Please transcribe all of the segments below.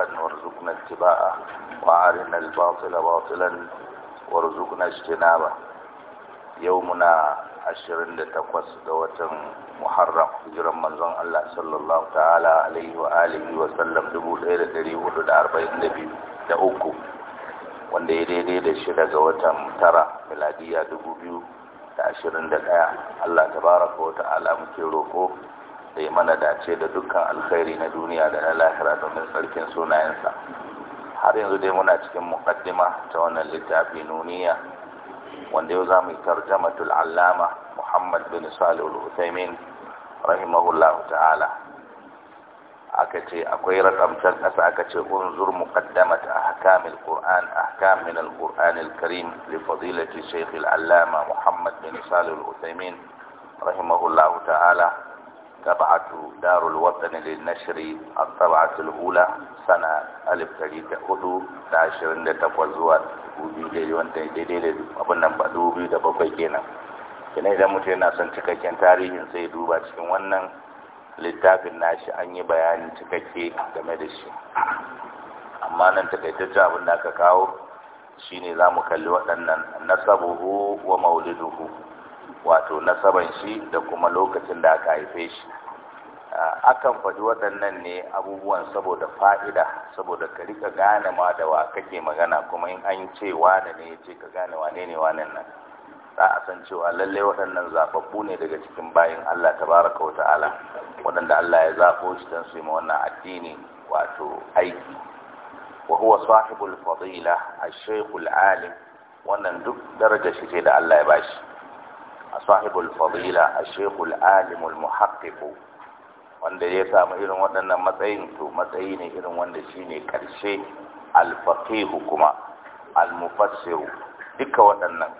حقا وارزقنا اتباعه وعارنا الباطل باطلا وارزقنا اجتنابه يومنا ashirin da takwas ga watan muharram hijiran manzon Allah sallallahu ta'ala alaihi wa alihi wa dubu ɗaya da ɗari hudu da arba'in da uku wanda ya daidai da shida ga watan tara miladiya dubu biyu da ashirin da ɗaya Allah tabaraka wa ta'ala muke roƙo da ya mana dace da dukkan alkhairi na duniya da na lahira domin tsarkin sunayensa har yanzu dai muna cikin mukaddima ta wannan littafi nuniya wanda yau za mu yi tarjamatul allama muhammad bin salih al rahimahullah ta'ala aka ce akwai rakamtar ƙasa aka ce unzur muqaddamat ahkamil qur'an ahkam min al karim li fadilati shaykh al-allama muhammad bin salih al rahimahullah ta'ala طبعة دار الوطن للنشر الطبعة الأولى سنة ألف تريد أدو تاشرين لتفوزوات وبيجي وانتين جديد أبنى بأدو بيدا بفايكينا kina idan mutum yana son cikakken tarihin sai duba cikin wannan littafin nashi an yi bayani cikakke game da shi amma nan takaitaccen abin da aka kawo shine za mu kalli waɗannan nasabuhu wa mauliduhu wato nasaban shi da kuma lokacin da aka haife shi akan faɗi waɗannan ne abubuwan saboda fa'ida saboda ka rika gane ma da wa kake magana kuma in an ce wane ne ce ka gane wane ne wane nan za a san cewa lallai waɗannan zaɓaɓɓu ne daga cikin bayan Allah baraka wa ta'ala waɗanda Allah ya zaɓo shi don su yi ma wannan addini wato aiki wa huwa sahibul fadila ash alim wannan duk darajar shi ce da Allah ya bashi صاحب الفضيلة الشيخ العالم المحقق wanda ya samu irin waɗannan matsayin to matsayi ne irin wanda shine karshe alfaqihu kuma almufassiru duka waɗannan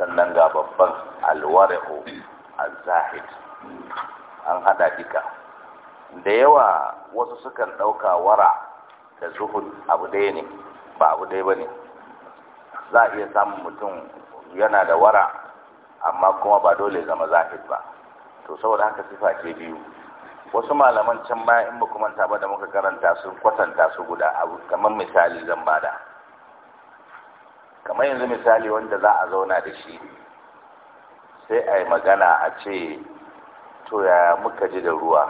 sannan ga babban alwari'u az an haɗa duka da yawa wasu sukan ɗauka wara da zuhud abu ɗaya ne ba abu ɗaya bane za a iya samun mutum yana da wara amma kuma ba dole zama zahid ba to saboda haka sifa ke biyu wasu malaman can baya in baku manta ba da muka karanta sun kwatanta su guda abu kamar misali zan bada kamar yanzu misali wanda za a zauna da shi sai a yi magana a ce to yaya muka ji da ruwa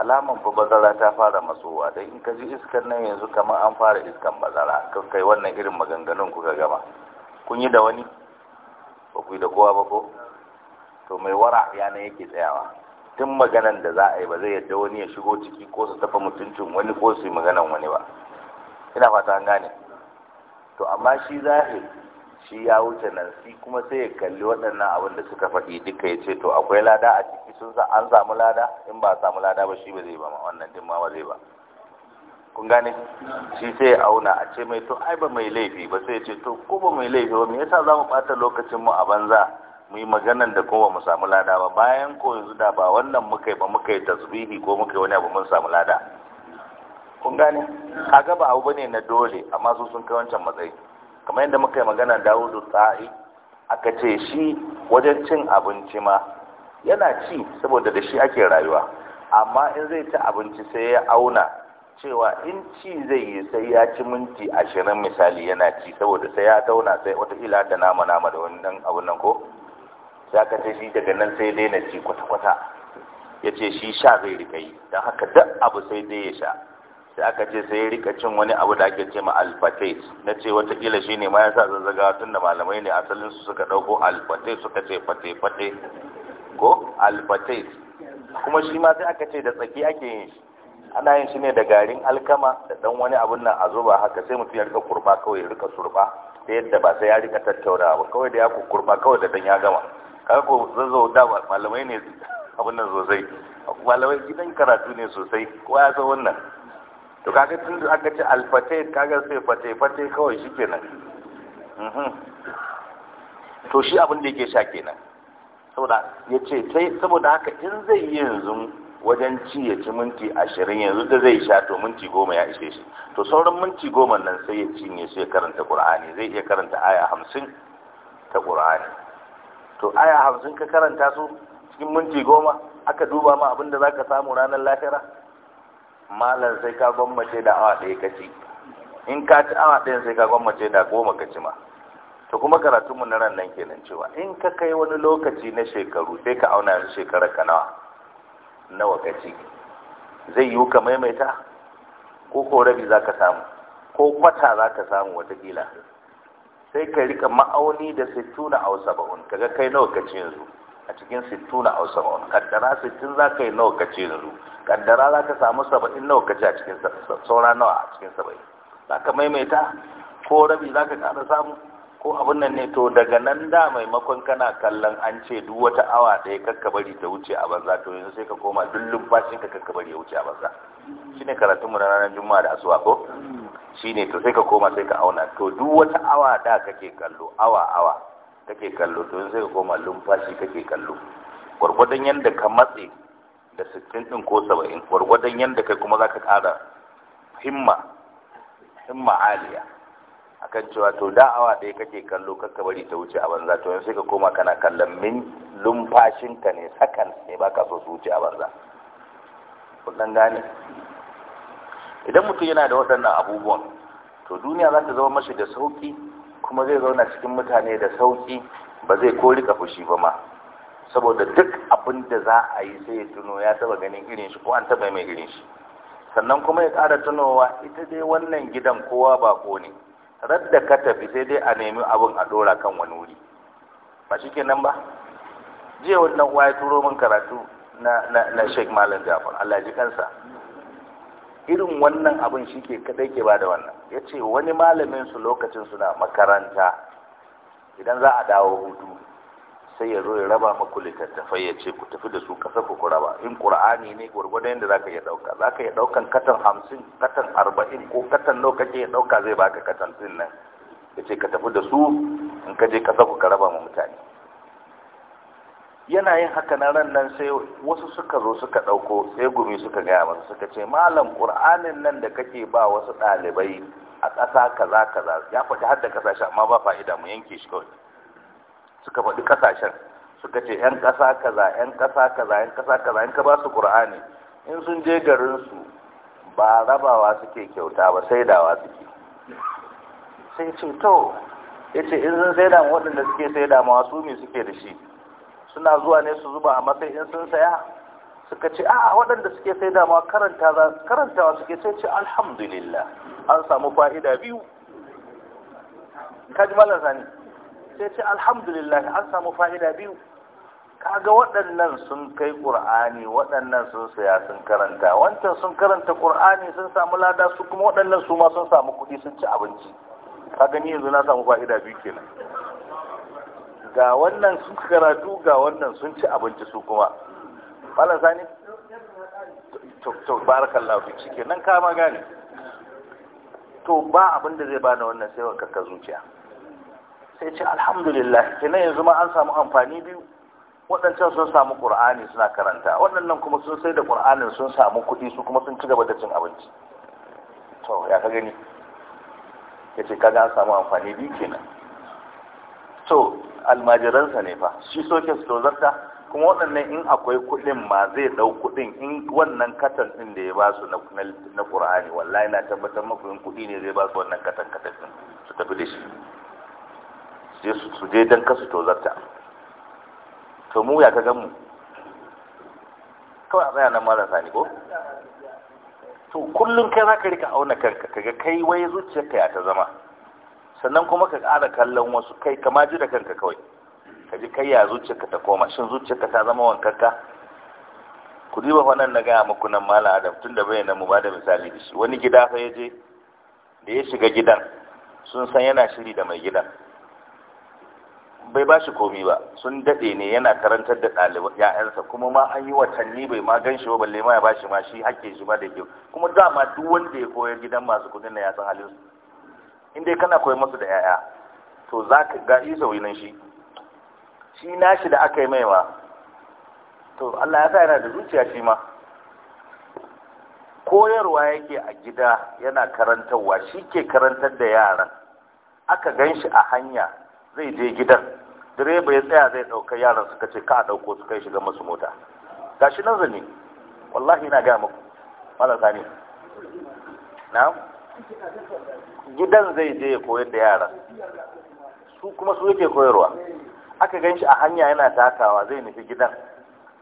alaman fa bazara ta fara matsowa don in ka ji iskar nan yanzu kamar an fara iskan bazara kai wannan irin maganganun kuka gama kun yi da wani ba ku yi da kowa ba ko to mai wara ya ne yake tsayawa tun maganan da za a yi ba zai yadda wani ya shigo ciki ko su tafa mutuncin wani ko su yi maganan wani ba ina fata an gane to amma shi zahir shi ya wuce nan shi kuma sai ya kalli waɗannan abin da suka faɗi duka ya ce to akwai lada a ciki sun sa an samu lada in ba a samu lada ba shi ba zai ba wannan din ma ba zai ba kun gane shi sai ya auna a ce mai to ai ba mai laifi ba sai ya ce to ko ba mai laifi ba me yasa za mu ɓata lokacin mu a banza mu yi maganan da kuma mu samu lada ba bayan ko yanzu da ba wannan muka yi ba muka yi tasbihi ko muka yi wani abu mun samu lada kun gane kaga ba abu bane na dole amma su sun kai wancan matsayi kamar yadda muka yi magana Dawudu Sa'i aka ce shi wajen cin abinci ma yana ci saboda da shi ake rayuwa amma in zai ci abinci sai ya auna cewa in ci zai yi sai ya ci minti ashirin misali yana ci saboda sai ya tauna sai watakila da nama nama da wani abu abun nan ko sai aka ce shi daga nan sai daina ci kwata-kwata ya ce shi sha zai rika yi don haka duk abu sai dai ya sha sai aka ce sai ya rika cin wani abu da ake ce ma alfatet na ce watakila shi ne ma ya sa zazzaga tun da malamai ne asalin su suka ɗauko alfatet suka ce fate-fate ko alfatet kuma shi ma sai aka ce da tsaki ake yin shi ana yin shi ne da garin alkama da dan wani abun nan a zuba haka sai mutum ya rika kurba kawai ya rika surba ta yadda ba sai ya rika tattaunawa ba kawai da ya kurba kawai da dan ya gama kaga ko zo da malamai ne abun nan sosai malamai gidan karatu ne sosai ko ya san wannan to kaga tun da aka ce alfate kaga sai fate fate kawai shikenan mhm. to shi abin da yake sha kenan saboda yace ce saboda haka in zai yi yanzu wajen ci ya ci minti ashirin yanzu da zai sha to minti goma ya ishe shi to sauran minti goma nan sai ya cinye su ya karanta ƙur'ani zai iya karanta aya hamsin ta ƙur'ani to aya hamsin ka karanta su cikin minti goma aka duba ma abin da za ka samu ranar lahira Malam sai ka gwammace da awa ɗaya ka ci in ka ci awa ɗaya sai ka gwammace da goma ka ci ma to kuma karatunmu na ran nan kenan cewa in ka kai wani lokaci na shekaru sai ka auna yanzu shekarar ka nawa nawa wakaci zai yiwu ka maimaita ko korabi rabi za ka samu ko kwata za ka samu watakila sai ka rika ma'auni da sittuna a saba'un kaga kai nawa ka ci yanzu a cikin sittuna a ba'un kaddara sittin za ka yi nawa ka ci yanzu kaddara za ka samu saba'in nawa ka ci a cikin saura nawa a cikin saba'in za ka maimaita ko rabi za ka kada samu ko abin nan ne to daga nan da maimakon kana kallon an ce duk wata awa ɗaya kakka bari ta wuce a banza to yanzu sai ka koma duk lumfashin ka kakka bari ya wuce a banza shine karatun mu na ranar juma'a da asuwa ko shine to sai ka koma sai ka auna to duk wata awa da kake kallo awa awa kake kallo to yanzu sai ka koma lumfashi kake kallo gwargwadon yadda ka matse da sittin ɗin ko saba'in gwargwadon yadda kai kuma za ka ƙara himma himma aliya akan cewa to da awa ɗaya kake kallo kakka bari ta wuce a banza to yanzu ka koma kana kallon min ka ne sakan ne ba ka so su wuce a banza kun gane idan mutum yana da waɗannan abubuwan to duniya za ta zama mashi da sauƙi kuma zai zauna cikin mutane da sauƙi ba zai ko rika fushi ba ma saboda duk abin da za a yi sai ya tuno ya taba ganin irin shi ko an taba mai irin shi sannan kuma ya ƙara tunowa ita dai wannan gidan kowa ba ko ne radda ka tafi sai dai a nemi abin a dora kan wani wuri ba shi kenan ba jiya wani uwa ya turo min karatu na na Sheikh Malam Jafar Allah ji kansa irin wannan abin shi ke kadai ke bada wannan ya ce wani malamin su lokacin suna makaranta idan za a dawo hutu sai ya zo ya raba maku littattafai ya ce ku tafi da su kasa ku ku raba in qur'ani ne gurgurdan yadda zaka iya dauka zaka iya daukan katan hamsin katan arba'in ko katan nawa kake ya dauka zai baka katan din nan ya ce ka tafi da su in ka je kasa ku ka raba ma mutane yana yin haka na ran nan sai wasu suka zo suka dauko sai gumi suka gaya masa suka ce malam qur'anin nan da kake ba wasu ɗalibai a ƙasa kaza kaza ya faɗi har da kasashe amma ba fa'ida mu yanke shi kawai suka faɗi ƙasashen suka ce 'yan ƙasa kaza 'yan ƙasa kaza 'yan ƙasa kaza in ka ba su ƙur'ani in sun je garinsu ba rabawa suke kyauta ba saidawa suke sai ce to ya ce in sun saida waɗanda suke saida ma su me suke da shi suna zuwa ne su zuba a matsayin in sun saya suka ce a waɗanda suke saida ma karantawa suke sai ce alhamdulillah an samu fa'ida biyu kaji malar sani sai ce alhamdulillah an samu fa'ida biyu kaga waɗannan sun kai ƙur'ani waɗannan sun saya sun karanta wancan sun karanta ƙur'ani sun samu lada su kuma waɗannan su ma sun samu kuɗi sun ci abinci kaga ni yanzu na samu fa'ida biyu kenan ga wannan sun karatu ga wannan sun ci abinci su kuma malam sani to barakallahu fi cike nan ka ma gane to ba abin da zai bani wannan sai wanka ka zuciya sai ce alhamdulillah kenan yanzu ma an samu amfani biyu waɗancan sun samu ƙur'ani suna karanta waɗannan kuma sun sai da ƙur'anin sun samu kuɗi su kuma sun ci gaba da cin abinci to ya ka gani ya ce kaga an samu amfani biyu kenan to almajiransa ne fa shi soke su tozarta kuma waɗannan in akwai kuɗin ma zai ɗau kuɗin in wannan katan ɗin da ya ba su na ƙur'ani wallahi na tabbatar maku in kuɗi ne zai ba su wannan katan katan ɗin su tafi da shi su je don kasu tozarta to mu ya ka gan mu kawai a tsaya nan malam sani ko to kullum kai za ka rika auna kanka kaga kai wai zuciyarka ya ta zama sannan kuma ka ƙara kallon wasu kai kama ji da kanka kawai ka ji kai ya zuciyarka ta koma shin zuciyarka ta zama wankarka ku diba wannan na gaya muku nan malam adam tun da bayyana mu ba da misali da shi wani gida fa ya je da ya shiga gidan sun san yana shiri da mai gidan bai ba shi komi ba sun daɗe ne yana karantar da ɗaliban ya'yansa kuma ma an yi watanni bai ma gan shi ba balle ma ya ba shi ma shi hakkin shi ba da kyau kuma dama duk wanda ya koyar gidan masu kudin na ya san halin su in dai kana koyar masu da 'ya'ya to za ka ga isa wilin shi shi shi da aka yi mai ma to Allah ya sa yana da zuciya shi ma koyarwa yake a gida yana karantarwa shi ke karantar da yaran aka gan shi a hanya zai je gidan direba ya tsaya zai ɗauka yaran suka ce ka ɗauko su kai shiga masu mota gashi nan zane wallahi na gaya muku malar sani na gidan zai je ya koyar da yaran su kuma su yake koyarwa aka gan shi a hanya yana takawa zai nufi gidan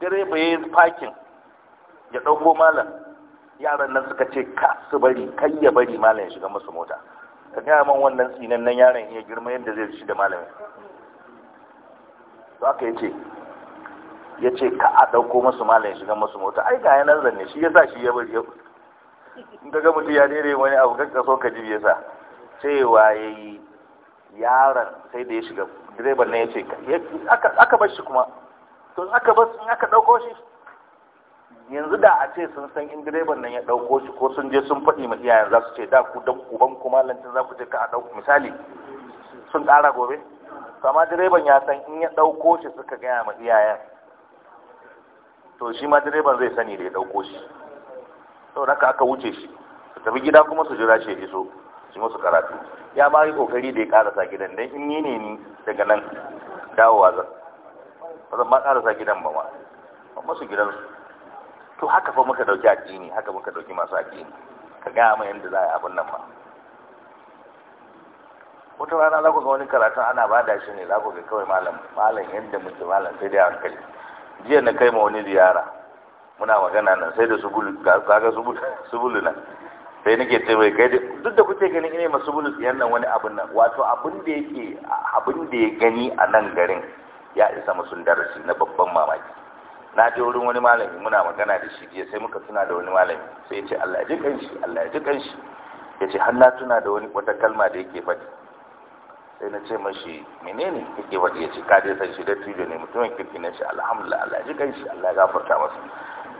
direba ya yi fakin ya ɗauko malam yaran nan suka ce ka su bari kai ya bari malam ya shiga masu mota ka gaya man wannan tsinan nan yaron ya girma yadda zai shi da malamin to aka yace ya ce ka a ɗauko masu malamin shiga masu mota ai ga zan zanne shi ya sa shi ya bari ya in ga mutum ya dare wani abu kan kaso ka jibe sa cewa ya yi yaron sai da ya shiga direban na ya ce aka bar shi kuma to aka bar in aka ɗauko shi yanzu da a ce sun san in direban nan ya ɗauko shi ko sun je sun faɗi ma iyayen za su ce da ku dan uban kuma lantin za ku je ka a ɗauko misali sun ƙara gobe amma direban ya san in ya ɗauko shi suka gaya ma iyayen to shi ma direban zai sani da ya ɗauko shi sau haka aka wuce shi su tafi gida kuma su jira shi ya iso su musu karatu ya ma yi kokari da ya karasa gidan don in yi ne ni daga nan dawowa zan ba zan ma karasa gidan ba ma ba masu gidansu to haka fa muka dauki addini haka muka dauki masu addini ka gaya mai yadda za a yi abin nan ba wata rana za ku ga wani karatu ana ba da shi ne za ku ga kawai malam malam yadda muke malam sai dai hankali jiya na kai ma wani ziyara muna magana nan sai da subulu ga subulu nan sai nake ce kai duk da kuke ganin ina ma subulu yan nan wani abin nan wato abin da yake abin da ya gani a nan garin ya isa musun darasi na babban mamaki na je wurin wani malami muna magana da shi jiya sai muka tuna da wani malami sai ya ce Allah ya ji kanshi Allah ya ji kanshi ya ce har na tuna da wani wata kalma da yake faɗi sai na ce mashi menene yake faɗi ya ce ka dai san shi da tijo ne mutumin kirki na shi alhamdulillah Allah ya ji kanshi Allah ya gafarta masa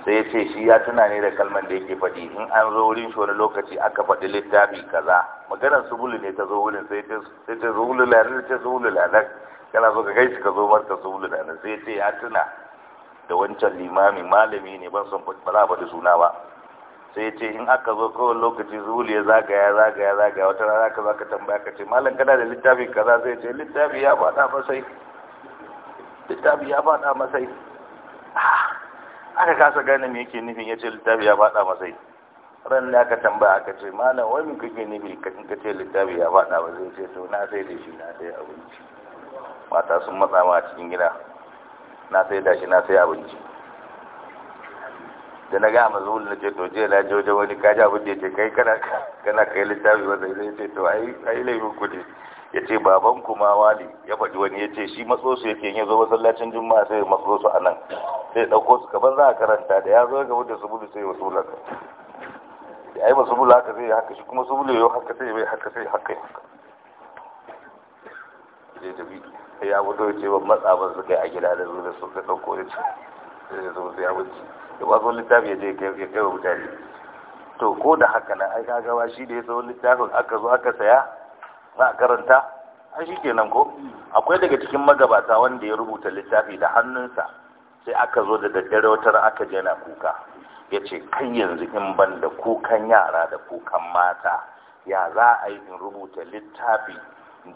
sai ya ce shi ya tuna ne da kalman da yake faɗi in an zo wurin shi wani lokaci aka faɗi littafi kaza maganar subulu ne ta zo wurin sai ta zuhulu lalar ta zuhulu lalar kana so ka gaishe ka zo marka subulu lalar sai ya ce ya tuna da wancan limami malami ne ban son ba da suna ba sai ce in aka zo kawai lokaci zuwa ya zagaya zagaya zagaya wata rana ka zaka tambaya ka ce malam kana da littafi kaza sai ce littafi ya faɗa masai littafi ya faɗa masai ah, aka kasa gane me yake nufin ya ce littafi ya faɗa masai ran ne aka tambaya aka ce malam wani min kake nufi ka in ka ce littafi ya faɗa ba zai ce to na sai da shi na sai abinci mata sun matsa ma cikin gida na sai da shi na sai abinci da na gama zuwa na ce to jiya na je wani kaji abin da ya ce kai kana kana kai littafi wanda ya ce to ai ai laifin ku ne ya ce baban kuma wani ya faɗi wani ya ce shi matso su yake yin zo masallacin juma'a sai ya matso su a nan sai ɗauko su kaban za a karanta da ya zo ga wanda su bulu sai ya wasu laka ya yi masu bulu haka sai ya haka shi kuma su bulu yau haka sai ya haka sai ya haka ya haka sai ya fito ce ban matsa ba su kai a gida da zuwa su ka ɗauko da su da zuwa su ya wuce da ba wani littafi ya je ya kai wa mutane to ko da haka na aika gaba shi da ya wani littafin aka zo aka saya za a karanta a shi kenan ko akwai daga cikin magabata wanda ya rubuta littafi da hannunsa sai aka zo da daddare wata aka je na kuka ya ce kai yanzu in ban da kukan yara da kukan mata ya za a yi in rubuta littafi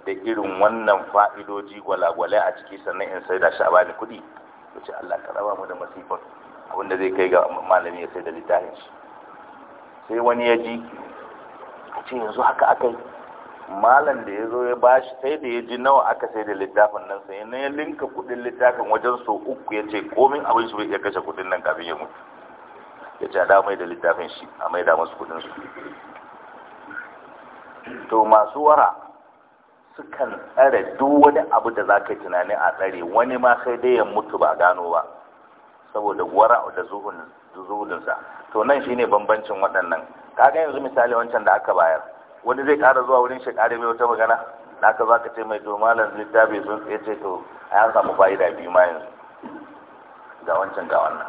da irin wannan fa'idoji gwalagwalai a ciki sannan in sai da shi a bani kuɗi ce Allah ka raba mu da masifan abinda zai kai ga malami ya sai da littafin shi sai wani ya ji a ce yanzu haka aka yi malam da ya zo ya bashi sai da ya ji nawa aka sai da littafin nan sai na ya linka kuɗin littafin wajen so uku ya ce komin abin su ya kashe kuɗin nan kafin ya mutu ya ce a mai da littafin shi a mai da masu kuɗin su to masu wara sukan tsare duk wani abu da za ka tunani a tsare wani ma sai dai ya mutu ba gano ba saboda wara da sa to nan shine bambancin waɗannan kaga yanzu misali wancan da aka bayar wani zai ƙara zuwa wurin shi ƙare mai wata magana da aka zaka ce mai to malam littafi sun tsaye ce to a samu fa'ida biyu ma yanzu ga wancan ga wannan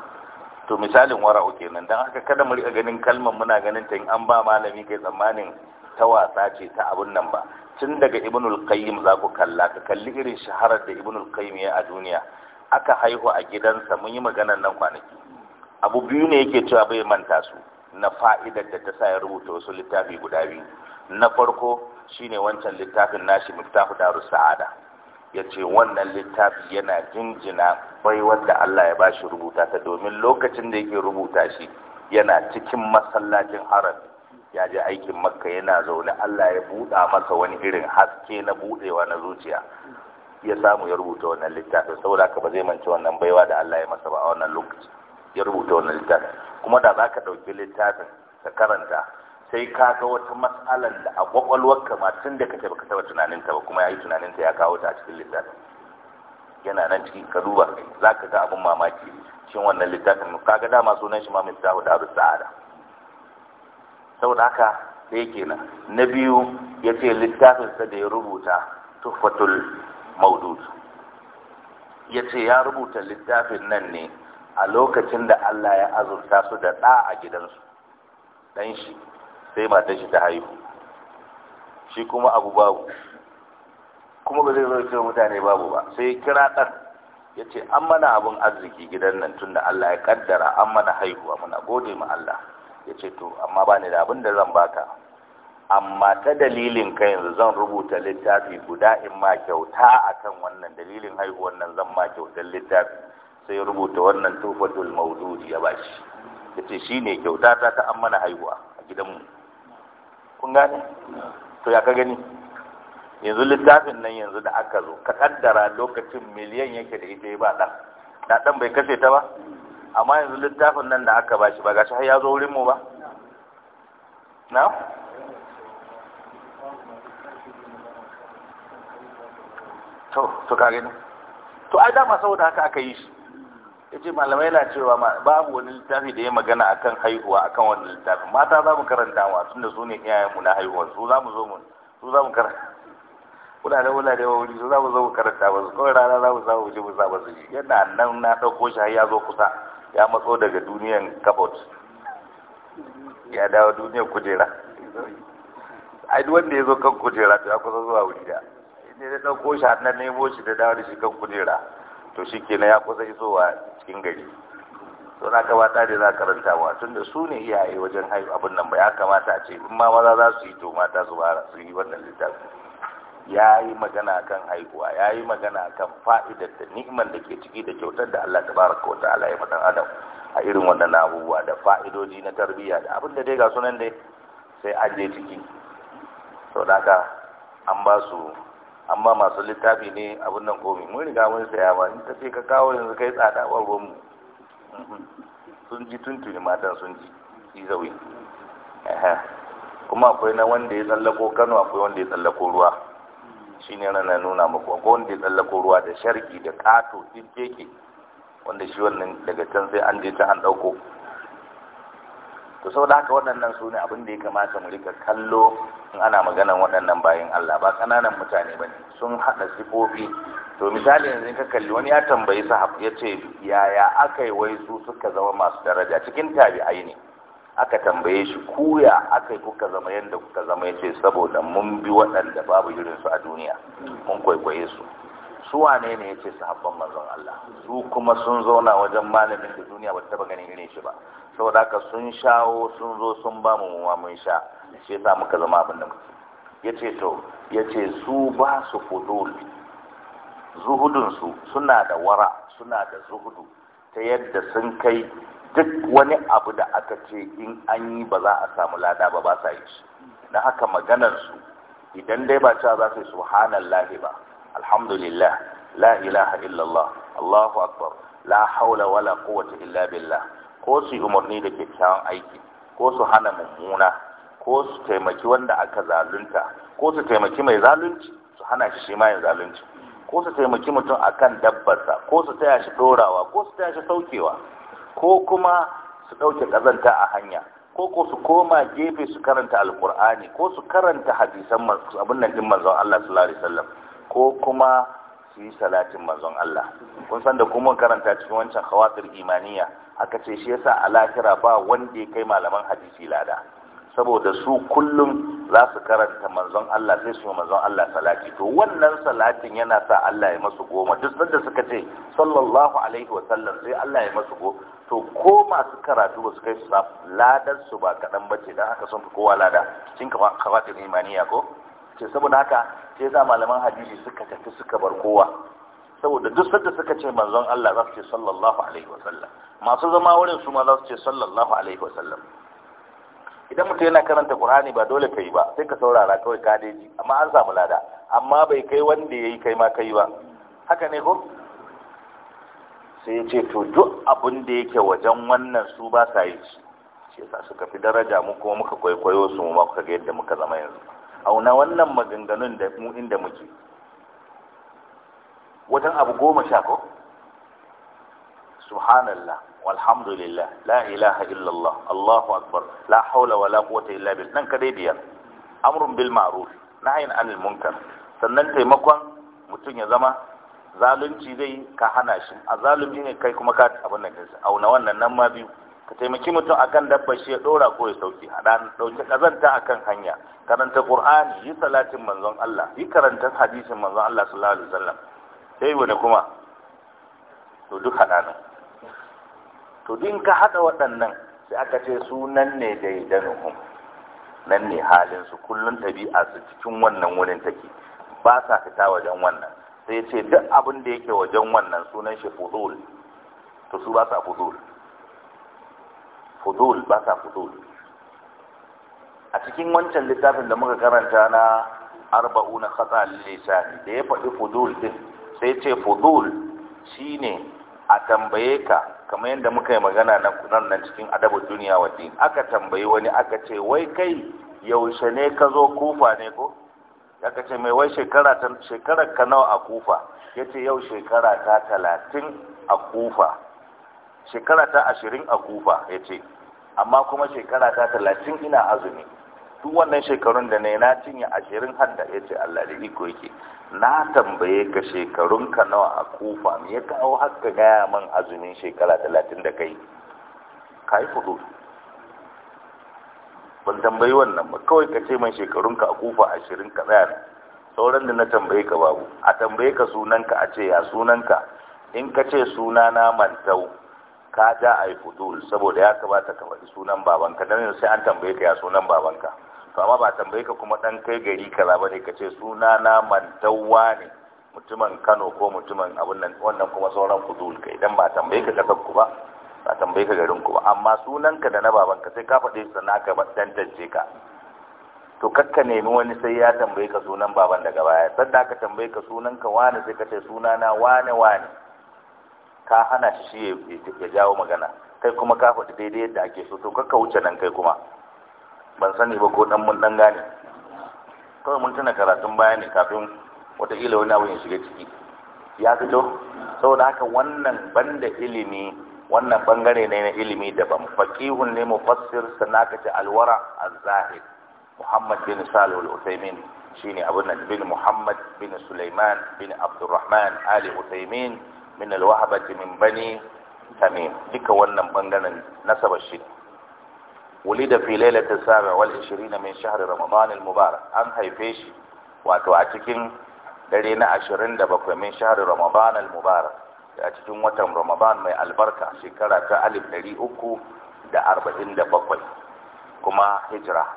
to misalin wara'u kenan dan haka kada mu riƙa ganin kalmar muna ganin ta in an ba malami kai tsammanin ta wasa ce ta abun nan ba tun daga ibnul qayyim za ku kalla ka kalli irin shaharar da ibnul qayyim ya a duniya aka haihu a gidansa mun yi maganar nan kwanaki abu biyu ne yake cewa bai manta su na fa'idar da ta sa ya rubuta wasu littafi guda biyu na farko shine wancan littafin nashi miftahu daru sa'ada ya ce wannan littafi yana jinjina bai wanda Allah ya bashi rubuta ta domin lokacin da yake rubuta shi yana cikin masallacin haram ya je aikin makka yana zaune Allah ya buɗa masa wani irin haske na buɗewa na zuciya ya samu ya rubuta wannan littafin saboda haka ba zai mance wannan baiwa da Allah ya masa ba a wannan lokaci ya rubuta wannan littafin kuma da za ka ɗauki littafin ka karanta sai ka ga wata matsalar da a kwakwalwarka ma tun da ce baka taɓa tunaninta ba kuma ya yi tunaninta ya kawo ta a cikin littafin yana nan cikin ka duba za ka ga abin mamaki cikin wannan littafin ka ga dama sunan shi ma mai sahu da abu sa'ada saboda haka sai kenan na biyu ya ce littafinsa da ya rubuta tufatul maudud ya ce ya rubuta littafin nan ne a lokacin da Allah ya azurta su da ɗa a gidansu ɗan shi sai matan shi ta haihu shi kuma abu babu kuma ba zai zo mutane babu ba sai kira ɗan ya ce an mana abin arziki gidan nan tunda Allah ya kaddara an mana haihuwa muna gode ma Allah ya ce to amma ba ni da abin da zan baka amma ta dalilin ka yanzu zan rubuta littafi guda in ma kyauta akan wannan dalilin haihuwar nan zan ma kyautar littafi sai ya rubuta wannan tufatul maududi ya bashi ya ce shi ne kyauta ta ta an mana haihuwa a gidanmu kun gane to ya ka gani yanzu littafin nan yanzu da aka zo ka kaddara lokacin miliyan yake da ita ya ba ɗan ɗan bai kashe ta ba amma yanzu littafin nan da aka bashi ba gashi har ya zo wurin mu ba na to to kage ne to ai dama saboda haka aka yi shi yace malamai na cewa babu wani littafi da ya magana akan haihuwa akan wani littafi mata za mu karanta wa tunda su ne iyayen mu na haihuwa su za mu zo mu su za mu karanta kuna da wula da wuri su za mu zo mu karanta ba su kawai rana za mu mu je mu sa su ji yana nan na ɗauko shi har ya zo kusa ya matso daga duniyan kabot ya dawo duniyan kujera ai duk wanda ya zo kan kujera to ya kusa zuwa wuri da ne da dauko shi har na nemo shi da dawo da shi kan kujera to shi kenan ya kusa isowa cikin gari to na kamata da za karanta wa tun da su iyaye wajen haihu abin nan ba ya kamata a ce in ma maza za su yi to mata su ba su yi wannan littafin. ya yi magana kan haihuwa ya yi magana kan fa'idar da ni'imar da ke ciki da kyautar da Allah tabaraka wa ta'ala ya matan adam a irin wannan abubuwa da fa'idoji na tarbiyya da abin da dai ga sunan dai sai an je ciki to daga an ba su amma masu littafi ne abin nan komi mun riga mun saya ba in ta ce ka kawo yanzu kai tsada wa mu. sun ji tuntuni matan sun ji izawi kuma akwai na wanda ya tsallako kano akwai wanda ya tsallako ruwa ne na nuna muku wanda ya tsallako ruwa da sharki da kato duk keke wanda shi wannan daga can sai an je ta an ɗauko to saboda haka waɗannan su ne abin da ya kamata mu rika kallo in ana maganan waɗannan bayan Allah ba ƙananan mutane ba ne sun haɗa sifofi to misali yanzu ka kalli wani ya tambayi sahab ya ce yaya aka yi wai su suka zama masu daraja cikin tabi'ai ne aka tambaye shi kuya aka yi kuka zama yadda kuka zama ya ce saboda mun bi waɗanda babu irinsu a duniya mun kwaikwaye su su wane ne ya ce haɓɓan manzon Allah su kuma sun zauna wajen malamin da duniya ba taɓa ganin irin shi ba saboda haka sun shawo sun zo sun ba mu muwa mun sha shi yasa muka zama abin da muke ya ce to ya ce su ba su fudul zuhudun su suna da wara suna da zuhudu ta yadda sun kai duk wani abu da aka ce in an yi ba za a samu lada ba ba sa yi shi na haka maganar su idan dai ba cewa za su yi subhanallahi ba alhamdulillah la ilaha illallah allahu akbar la haula wala quwwata illa billah ko su umarni da kyakkyawan aiki ko su hana mummuna ko su taimaki wanda aka zalunta ko su taimaki mai zalunci su hana shi shi ma zalunci ko su taimaki mutum akan dabbarsa ko su taya shi dorawa ko su taya shi saukewa ko kuma su ɗauke ƙazanta a hanya ko ko su koma gefe su karanta alkur'ani ko su karanta hadisan abin nan din manzon Allah sallallahu alaihi wasallam ko kuma su yi salatin manzon Allah kun san da kuma karanta cikin wancan khawatir imaniya aka ce shi yasa a ba wanda ya kai malaman hadisi lada saboda su kullum za su karanta manzon Allah sai su manzon Allah salati to wannan salatin yana sa Allah ya masu goma duk sanda suka ce sallallahu alaihi wa sallam sai Allah ya masu goma to ko masu karatu ba su kai su ladar su ba kaɗan ba ce don haka sun kowa lada cin kafatin imaniya ko ce saboda haka sai za malaman hadisi suka tafi suka bar kowa saboda duk sanda suka ce manzon Allah za su ce sallallahu alaihi wa sallam masu zama wurin su ma za su ce sallallahu alaihi wa sallam idan mutum yana karanta qur'ani ba dole kai ba sai ka saurara kawai ka daji amma an samu lada amma bai kai wanda ya yi kai ma kai ba haka ne ko sai ya ce to duk abin da yake wajen wannan su ba sa yi shi shi yasa suka fi daraja mu kuma muka kwaikwayo su mu ma kuka ga yadda muka zama yanzu auna wannan maganganun da mu inda muke wajen abu goma sha ko subhanallah walhamdulillah la ilaha illallah allahu akbar la haula wala quwwata illa billah nan kadai biyar amrun bil ma'ruf nahyin anil munkar sannan taimakon mutum ya zama zalunci zai ka hana shi a zalunci ne kai kuma ka abin nan kansa auna wannan nan ma biyu ka taimaki mutum akan dabba shi ya dora ko ya sauki hada dauke kazanta akan hanya karanta qur'ani yi salatin manzon Allah yi karanta hadisin manzon Allah sallallahu alaihi wasallam sai wani kuma to duk hada nan to din ka haɗa waɗannan sai aka ce su nan ne daidanuhum nan ne halin su kullun tabi'a su cikin wannan wurin take ba sa fita wajen wannan sai ce duk abin da yake wajen wannan sunan shi fudul to su ba sa fudul fudul ba sa fudul a cikin wancan littafin da muka karanta na arba'una khata lisani da ya faɗi fudul din sai ce fudul shine a tambaye ka kamar yadda muka yi magana nan nan cikin adabu duniya wa din aka tambayi wani aka ce wai kai yaushe ne ka zo kufa ne ko aka ce mai wai shekarar ka nawa a kufa Ya ce yau shekara ta talatin a kufa shekara ta ashirin a kufa ya ce. amma kuma shekara ta talatin ina azumi duk wannan shekarun da ne na cinye ashirin hada ya ce, Allah da iko yake na tambaye ka shekarunka nawa a kufa me ya kawo haka gaya man azumin shekara talatin da kai ka yi fudu ban tambayi wannan ba kawai ka ce man shekarunka a kufa ashirin ka tsaya sauran da na tambaye ka babu a tambaye ka sunanka a ce ya sunanka in ka ce suna na mantau ka ja a yi fudul saboda ya kamata ka faɗi sunan babanka don sai an tambaye ka ya sunan babanka to amma ba tambaye ka kuma dan kai gari kaza bane ka ce suna na mantawa ne mutumin Kano ko mutumin abun nan wannan kuma sauran fudul kai dan ba tambaye ka kasar ku ba ba tambaye ka garin ku ba amma ka da na baban ka sai ka faɗe su na ka tantance ka to kakka nemi wani sai ya tambaye ka sunan baban daga baya sanda ka tambaye ka sunan ka wani sai ka ce suna na wani wani ka hana shi ya jawo magana kai kuma ka faɗi daidai yadda ake so to kakka wuce nan kai kuma ban sani ba ko dan mun dan gane kawai mun tuna karatun baya ne kafin wataƙila wani abu ya shiga ciki ya fito saboda haka wannan banda ilimi wannan bangare ne na ilimi daban faqihun ne mufassir sanakati alwara az muhammad bin salih al-uthaymin shine abun nan bin muhammad bin sulaiman bin abdurrahman ali uthaymin min al min bani tamim duka wannan bangaren nasabar shi ولد في ليلة السابع والعشرين من شهر رمضان المبارك أن هيفيش واتو أتكين درينا عشرين دبقوا من شهر رمضان المبارك أتكين وتم رمضان من البركة شكرا تألف لري أكو دا أربعين دبقوا كما هجرة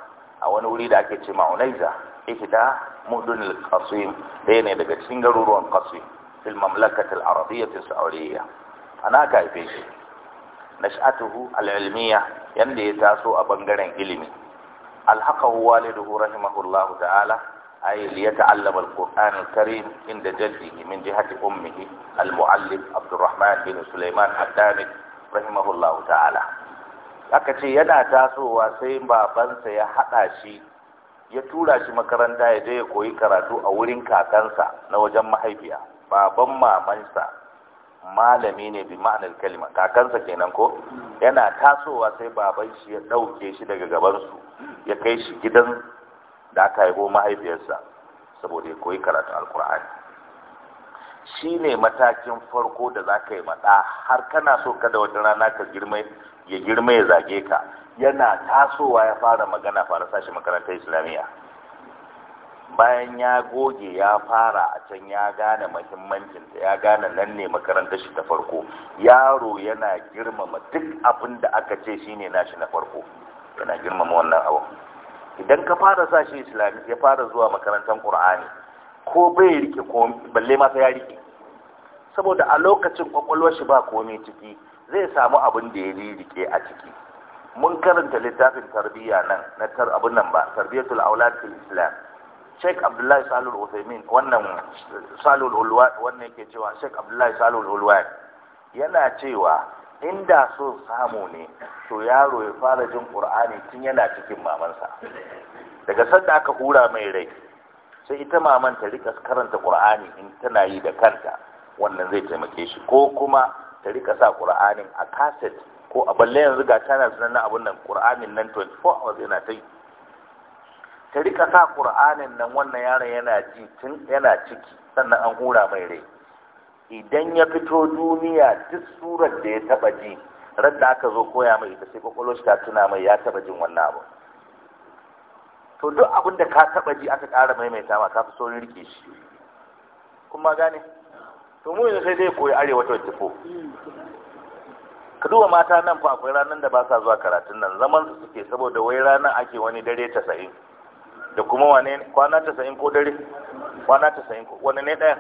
أولا أريد أكيد ما أنيزة إهدا مدن القصيم ديني دقا سنجرور قصيم في المملكة العربية السعودية أنا كايفيش nash'atuhu al-ilmiya yanda ya taso a bangaren ilimi alhaqahu waliduhu rahimahullahu ta'ala ay li yata'allama al-Qur'an al-Karim inda jaddihi min jihati ummihi al-mu'allim Abdurrahman bin Sulaiman al-Damit rahimahullahu ta'ala aka ce yana tasowa sai babansa ya hada shi ya tura shi makaranta ya je ya koyi karatu a wurin kakansa na wajen mahaifiya baban mamansa malami ne bi ma'anar kalima kakansa kenan ko yana tasowa sai baban shi ya ɗauke shi daga gaban su ya kai shi gidan da aka haifo mahaifiyarsa saboda ya koyi karatu alkur'ani shi ne matakin farko da za ka yi maɗa har kana so kada wata rana ka girma ya girma ya zage ka yana tasowa ya fara magana fara sa shi makarantar islamiyya bayan ya goge ya fara a can ya gane mahimmancinta ya gane nan ne makaranta shi ta farko yaro yana girmama duk abin da aka ce shine nashi na farko yana girmama wannan abu idan ka fara sa shi islami ya fara zuwa makarantar qur'ani ko bai rike ko balle ma ya rike saboda a lokacin kwakwalwar shi ba komai ciki zai samu abin da ya rike a ciki mun karanta littafin tarbiyya nan na tar abun nan ba tarbiyatul aulad fil islam Sheikh Abdullahi Salul Uthaymin wannan Salul Ulwa wannan yake cewa Sheikh Abdullahi Salul Ulwa yana cewa inda so samu ne to yaro ya fara jin Qur'ani tun yana cikin mamansa daga sanda aka hura mai rai sai ita maman ta rika karanta Qur'ani in tana yi da kanta wannan zai taimake shi ko kuma ta rika sa Qur'anin a cassette ko a balle yanzu ga channels nan na abun nan Qur'anin nan 24 hours yana ta ta rika sa ƙur'anin nan wannan yaron yana ji tun yana ciki sannan an hura mai rai idan ya fito duniya duk surar da ya taba ji ran da aka zo koya mai ita sai kwakwalwar shi ta tuna mai ya taba jin wannan abu to duk abin da ka taba ji aka ƙara maimaita ma ka fi saurin rike shi kuma gane to mu yanzu sai dai koyi arewa ta tifo ka duba mata nan fa akwai ranar da ba sa zuwa karatun nan zaman su suke saboda wai ranar ake wani dare casa'in da kuma wane kwana 90 ko dare kwana 90 ko wani ne daya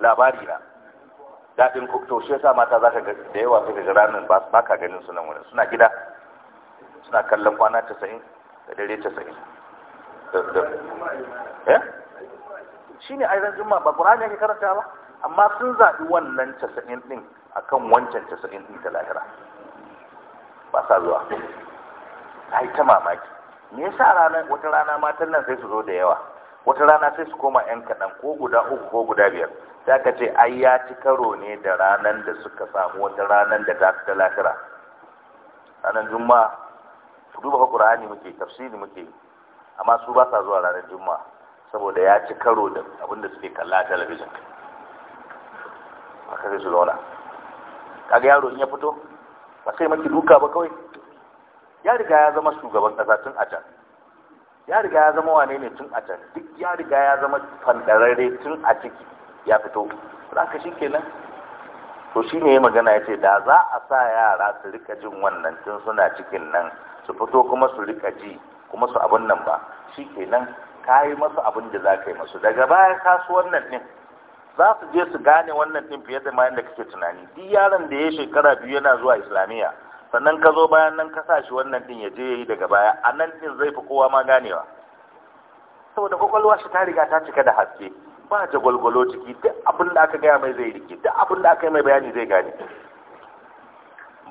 labari na daɗin to shi yasa mata zaka ga da yawa su ga ranar ba su ka ganin su nan wurin suna gida suna kallon kwana 90 da dare ta da da eh shine ayran juma'a ba qur'ani yake karanta ba amma sun zaɓi wannan 90 din akan wancan 90 din ta lahira ba sa zuwa ai ta mamaki me yasa ranar wata rana matan nan sai su zo da yawa wata rana sai su koma yan kaɗan ko guda uku ko guda biyar sai aka ce ai ya ci karo ne da ranar da suka samu wata ranar da ta ta lafira ranar juma'a su duba qur'ani muke tafsiri muke amma su ba sa zuwa ranar juma'a saboda ya ci karo da abin da suke kalla a talabijin aka sai su zauna kaga yaro in ya fito ba sai maki duka ba kawai ya riga ya zama shugaban ƙasa tun a can ya riga ya zama wane ne tun a can duk ya riga ya zama fandararre tun a ciki ya fito ka shi kenan to shi ne magana ya ce da za a sa yara su rika jin wannan tun suna cikin nan su fito kuma su rika ji kuma su abin nan ba shi kenan ka yi masu abin da za ka yi masu daga baya kasu wannan ɗin za su je su gane wannan ɗin fiye da ma yadda kake tunani duk yaron da ya shekara biyu yana zuwa islamiyya sannan ka zo bayan nan ka sa shi wannan din ya je yayi daga baya a nan din zai fi kowa ma ganewa saboda kwakwalwa shi ta riga ta cika da haske ba gwalgwalo ciki duk abin da aka gaya mai zai rike duk abin da aka yi mai bayani zai gane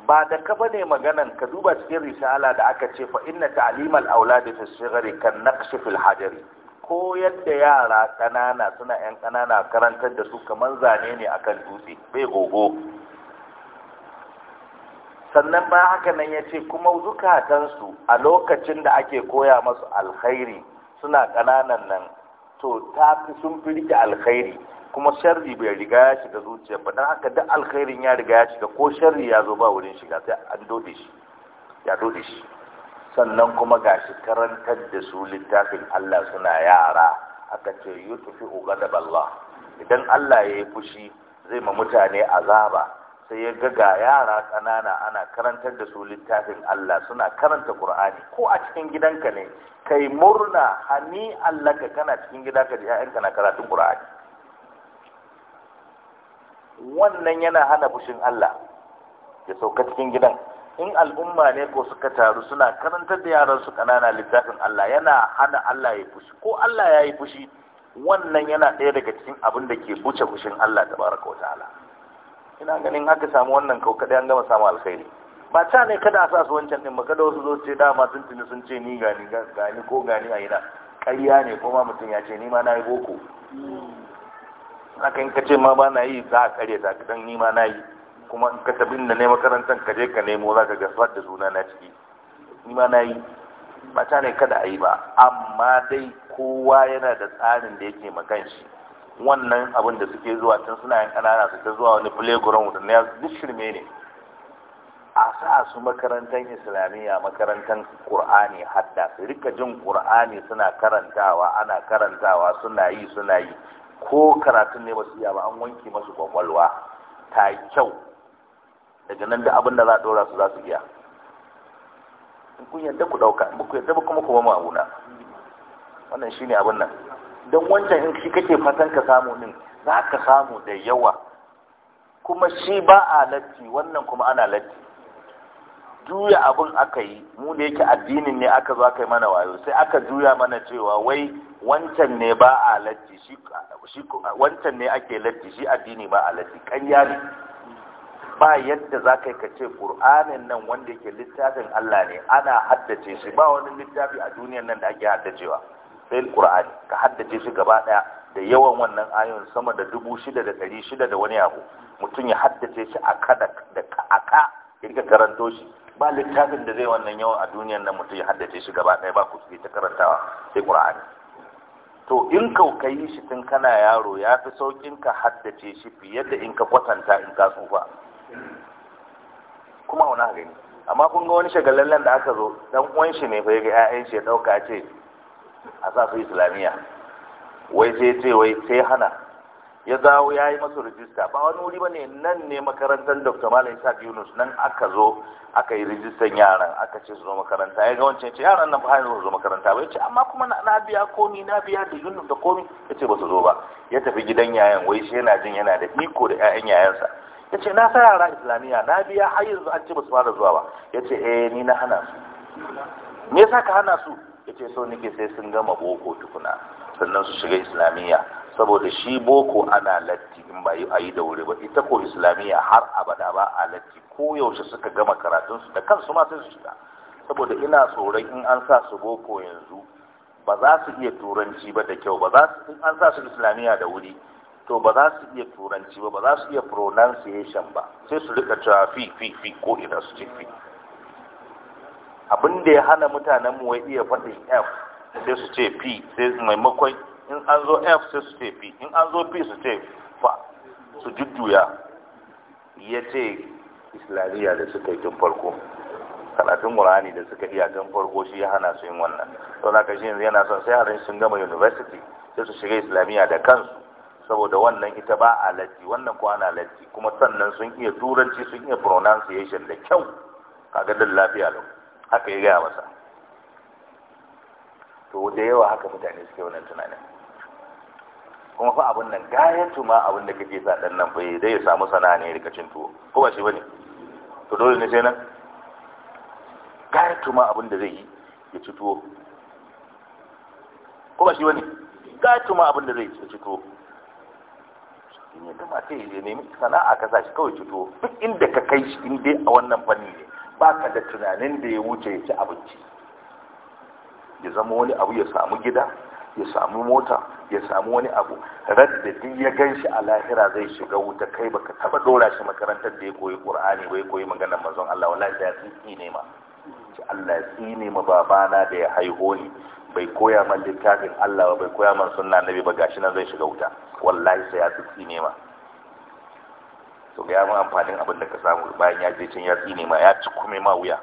ba da ka bane maganan ka duba cikin risala da aka ce fa inna ta'limal auladi fi shigari kan naqshi fil hajari ko yadda yara ƙanana suna yan kanana karantar da su kamar zane ne akan dutse bai gogo sannan bayan haka nan ya ce kuma zukatansu a lokacin da ake koya masu alkhairi suna ƙananan nan to ta fi sun fi rike alkhairi kuma sharri bai riga ya shiga zuciya ba don haka duk alkhairin ya riga ya shiga ko sharri ya zo ba wurin shiga sai an dode shi ya dode shi sannan kuma ga shi karantar da su littafin Allah suna yara aka ce yutufi ugadab idan Allah ya yi fushi zai ma mutane azaba sai ya ga ga yara ƙanana ana karantar da su littafin Allah suna karanta Qur'ani ko a cikin gidanka ne kai murna hani Allah ka kana cikin gida ka ƴaƴanka na karatun Qur'ani wannan yana hana bushin Allah ya sauka cikin gidan in al'umma ne ko suka taru suna karantar da yaran su ƙanana littafin Allah yana hana Allah ya fushi ko Allah ya yi fushi wannan yana ɗaya daga cikin abin da ke buce fushin Allah tabaraka wa ta'ala ina ganin haka samu wannan kau kadai an gama samu alkhairi ba ta ne kada a sa su wancan ɗin ba kada wasu zo ce dama sun tuni sun ce ni gani gani ko gani a ina ƙarya ne ko ma mutum ya ce ni ma na yi boko haka in ka ce ma ba na yi za a ƙarya ta dan ni ma na yi kuma in ka tafi da ne makarantar ka je ka nemo za ka gasfar da suna na ciki ni ma na yi ba ta ne kada a yi ba amma dai kowa yana da tsarin da yake makanshi. wannan abin da suke zuwa tun suna yin kanana suke zuwa wani playground da ya duk shirme ne a sa su makarantar islamiyya makarantar ƙur'ani hadda su rika jin qur'ani suna karantawa ana karantawa suna yi suna yi ko karatun ne masu su iya ba an wanke masu kwakwalwa ta kyau daga nan da abin da za a ɗora su za su iya in kun yadda ku ɗauka in ku yadda ba kuma kuma ma'amuna wannan shine abin nan don wancan in shi kake fatan ka samu ne za ka samu da yawa kuma shi ba a latti wannan kuma ana latti juya abun aka yi mu da yake addinin ne aka zo aka yi mana wayo sai aka juya mana cewa wai wancan ne ba a latti shi wancan ne ake latti shi addini ba a latti kanya ne ba yadda za ka yi ka ce ƙur'anin nan wanda yake littafin Allah ne ana haddace shi ba wani littafi a duniyar nan da ake haddacewa sai Al-Qur'ani, ka haddace shi gaba daya da yawan wannan ayoyin sama da dubu shida da shida da wani abu mutum ya haddace shi a kada da aka ya karanto shi ba littafin da zai wannan yawan a duniyar nan mutum ya haddace shi gaba daya ba ku ta karantawa sai qur'ani to in ka kai shi tun kana yaro ya fi saukin ka haddace shi fiye da in ka kwatanta in ka tsufa kuma wani haka amma kun ga wani shagalallen da aka zo dan uwan shi ne fa yaga ga 'ya'yan shi ya dauka ce a sa su islamiyya wai sai ce wai sai hana ya dawo ya yi masu rijista ba wani wuri ba ne nan ne makarantar dr malam isa yunus nan aka zo aka yi rijistan yaran aka ce su zo makaranta ya ga wancan ce yaran nan ba su zo makaranta ba ya ce amma kuma na biya komi na biya da yunus da komi ya ce ba su zo ba ya tafi gidan yayan wai shi yana jin yana da iko da 'ya'yan yayansa ya ce na sa yara islamiyya na biya har yanzu an ce ba su fara zuwa ba ya ce eh ni na hana su me yasa ka hana su yace so nake sai sun gama boko tukuna sannan su shiga islamiyya saboda shi boko ana latti in ba yi yi da wuri ba ita ko islamiyya har abada ba a latti ko yaushe suka gama karatun su da kansu ma sai su shiga saboda ina tsoron in an sa su boko yanzu ba za su iya turanci ba da kyau ba za su in an sa su islamiyya da wuri to ba za su iya turanci ba ba za su iya pronunciation ba sai su rika cewa fi fi fi ko ina su ce fi abin da ya hana mutanen mu wai iya faɗin f sai su ce p sai maimakon in an zo f sai su ce p in an zo p su ce F su jujjuya ya ce islamiyya da suka yi tun farko karatun murani da suka iya tun farko shi ya hana su yin wannan to na kashi yanzu yana son sai harin sun gama university sai su shiga islamiyya da kansu saboda wannan ita ba a latti wannan ko ana latti kuma sannan sun iya turanci sun iya pronunciation da kyau kaga dan lafiya lau haka ya gaya masa to da yawa haka mutane suke wannan tunanin kuma fa abin nan gayatu ma abin da kake sa dan nan bai dai ya samu sana'a ne rika cin tuwo ko ba shi bane to dole ne sai nan gayatu ma abin da zai yi ya ci tuwo ko ba shi bane gayatu ma abin da zai yi ya ci tuwo shi ne da sai ya nemi sana'a ka sa shi kawai ci tuwo duk inda ka kai shi in dai a wannan fanni ne baka da tunanin da ya wuce ya ci abinci ya zama wani abu ya samu gida ya samu mota ya samu wani abu radda duk ya gan shi a lahira zai shiga wuta kai baka taba dora shi makarantar da ya koyi Ƙur'ani ba koyi maganar mazan Allah wallahi ya tsini ne ma ci Allah ya tsini ma babana da ya haiho ni bai koya man littafin Allah ba bai koya man sunna nabi ba gashi nan zai shiga wuta wallahi sai ya tsini ne ma to ga ma amfanin abin da ka samu bayan ya je can ya tsine ma ya ci kuma ma wuya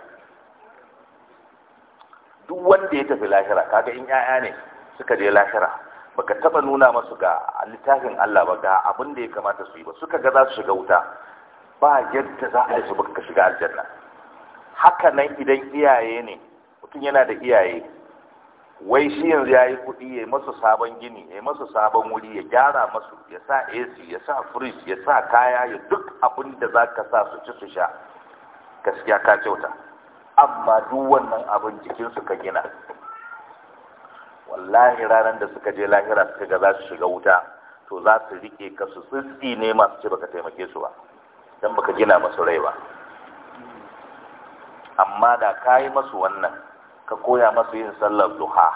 duk wanda ya tafi lahira kaga in 'ya'ya ne suka je lahira baka taba nuna masu ga littafin Allah ba ga abin da ya kamata su yi ba suka ga za su shiga wuta ba yadda za a yi su baka shiga aljanna haka nan idan iyaye ne mutum yana da iyaye wai shi yanzu ya yi kuɗi ya masu sabon gini ya masu sabon wuri ya gyara masu ya sa ac ya sa fridge ya sa kaya ya duk abin da za ka sa su ci su sha gaskiya ka kyauta amma duk wannan abin jikinsu ka gina wallahi ranar da suka je lahira suka ga za su shiga wuta to za su rike ka su tsitsi ne masu ce baka taimake su ba don baka gina masu rai ba amma da ka yi masu wannan ka koya masu yin sallar duha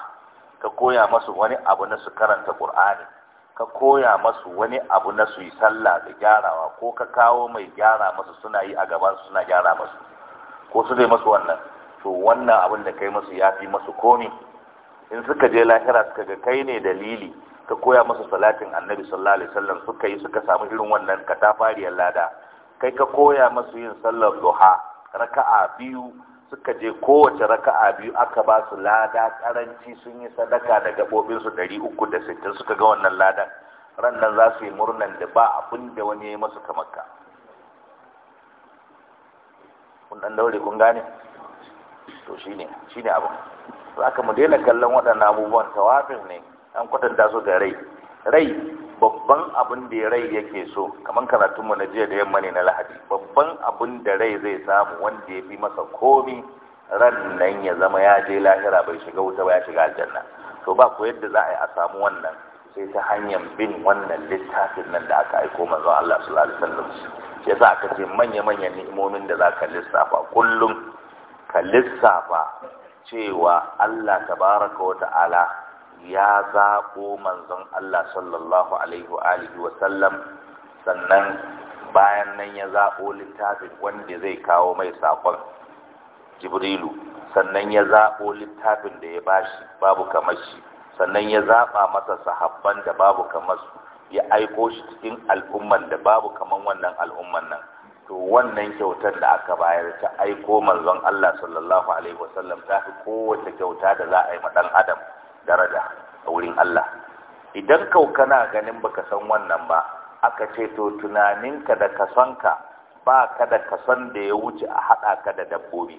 ka koya masu wani abu na su karanta qur'ani ka koya masu wani abu na su yi sallah da gyarawa ko ka kawo mai gyara masu suna yi a gaban suna gyara masu ko su dai masu wannan to wannan abin da kai masu ya fi masu komi in suka je lahira suka ga kai ne dalili ka koya masu salatin annabi sallallahu alaihi wasallam suka yi suka samu irin wannan katafariyar lada kai ka koya masu yin sallar duha raka'a biyu suka je kowace raka'a biyu aka ba su lada karanci sun yi sadaka da gabobin su 360 suka ga wannan ladan rannan za su yi murnan da ba abin da wani ya yi masu kamar ka kun dan daure kun gane to shine shine abu za ka mu daina kallon waɗannan abubuwan tawafin ne an kwatanta su da rai rai babban abin da rai yake so kamar karatunmu na jiya da yamma ne na lahadi babban abin da rai zai samu wanda ya fi masa komi ran nan ya zama ya je lahira bai shiga wuta ba ya shiga aljanna to ba ku yadda za a yi a samu wannan sai ta hanyar bin wannan littafin nan da aka aiko manzo Allah sallallahu alaihi wasallam yasa aka ce manya-manyan ni'imomin da za ka lissafa kullum ka lissafa cewa Allah tabaraka wa ta'ala ya zaɓo manzon Allah sallallahu alaihi wa alihi wa sallam sannan bayan nan ya zaɓo littafin wanda zai kawo mai saƙon jibrilu sannan ya zaɓo littafin da ya bashi babu kamar shi sannan ya zaɓa masa sahabban da babu kamar su ya aiko shi cikin al'umman da babu kamar wannan al'umman nan to wannan kyautar da aka bayar ta aiko manzon Allah sallallahu alaihi wasallam ta fi kowace kyauta da za a yi ma dan adam daraja a wurin Allah idan kau kana ganin baka san wannan ba aka ce to tunaninka da kasonka ba ka da kason da ya wuce a haɗa ka da dabbobi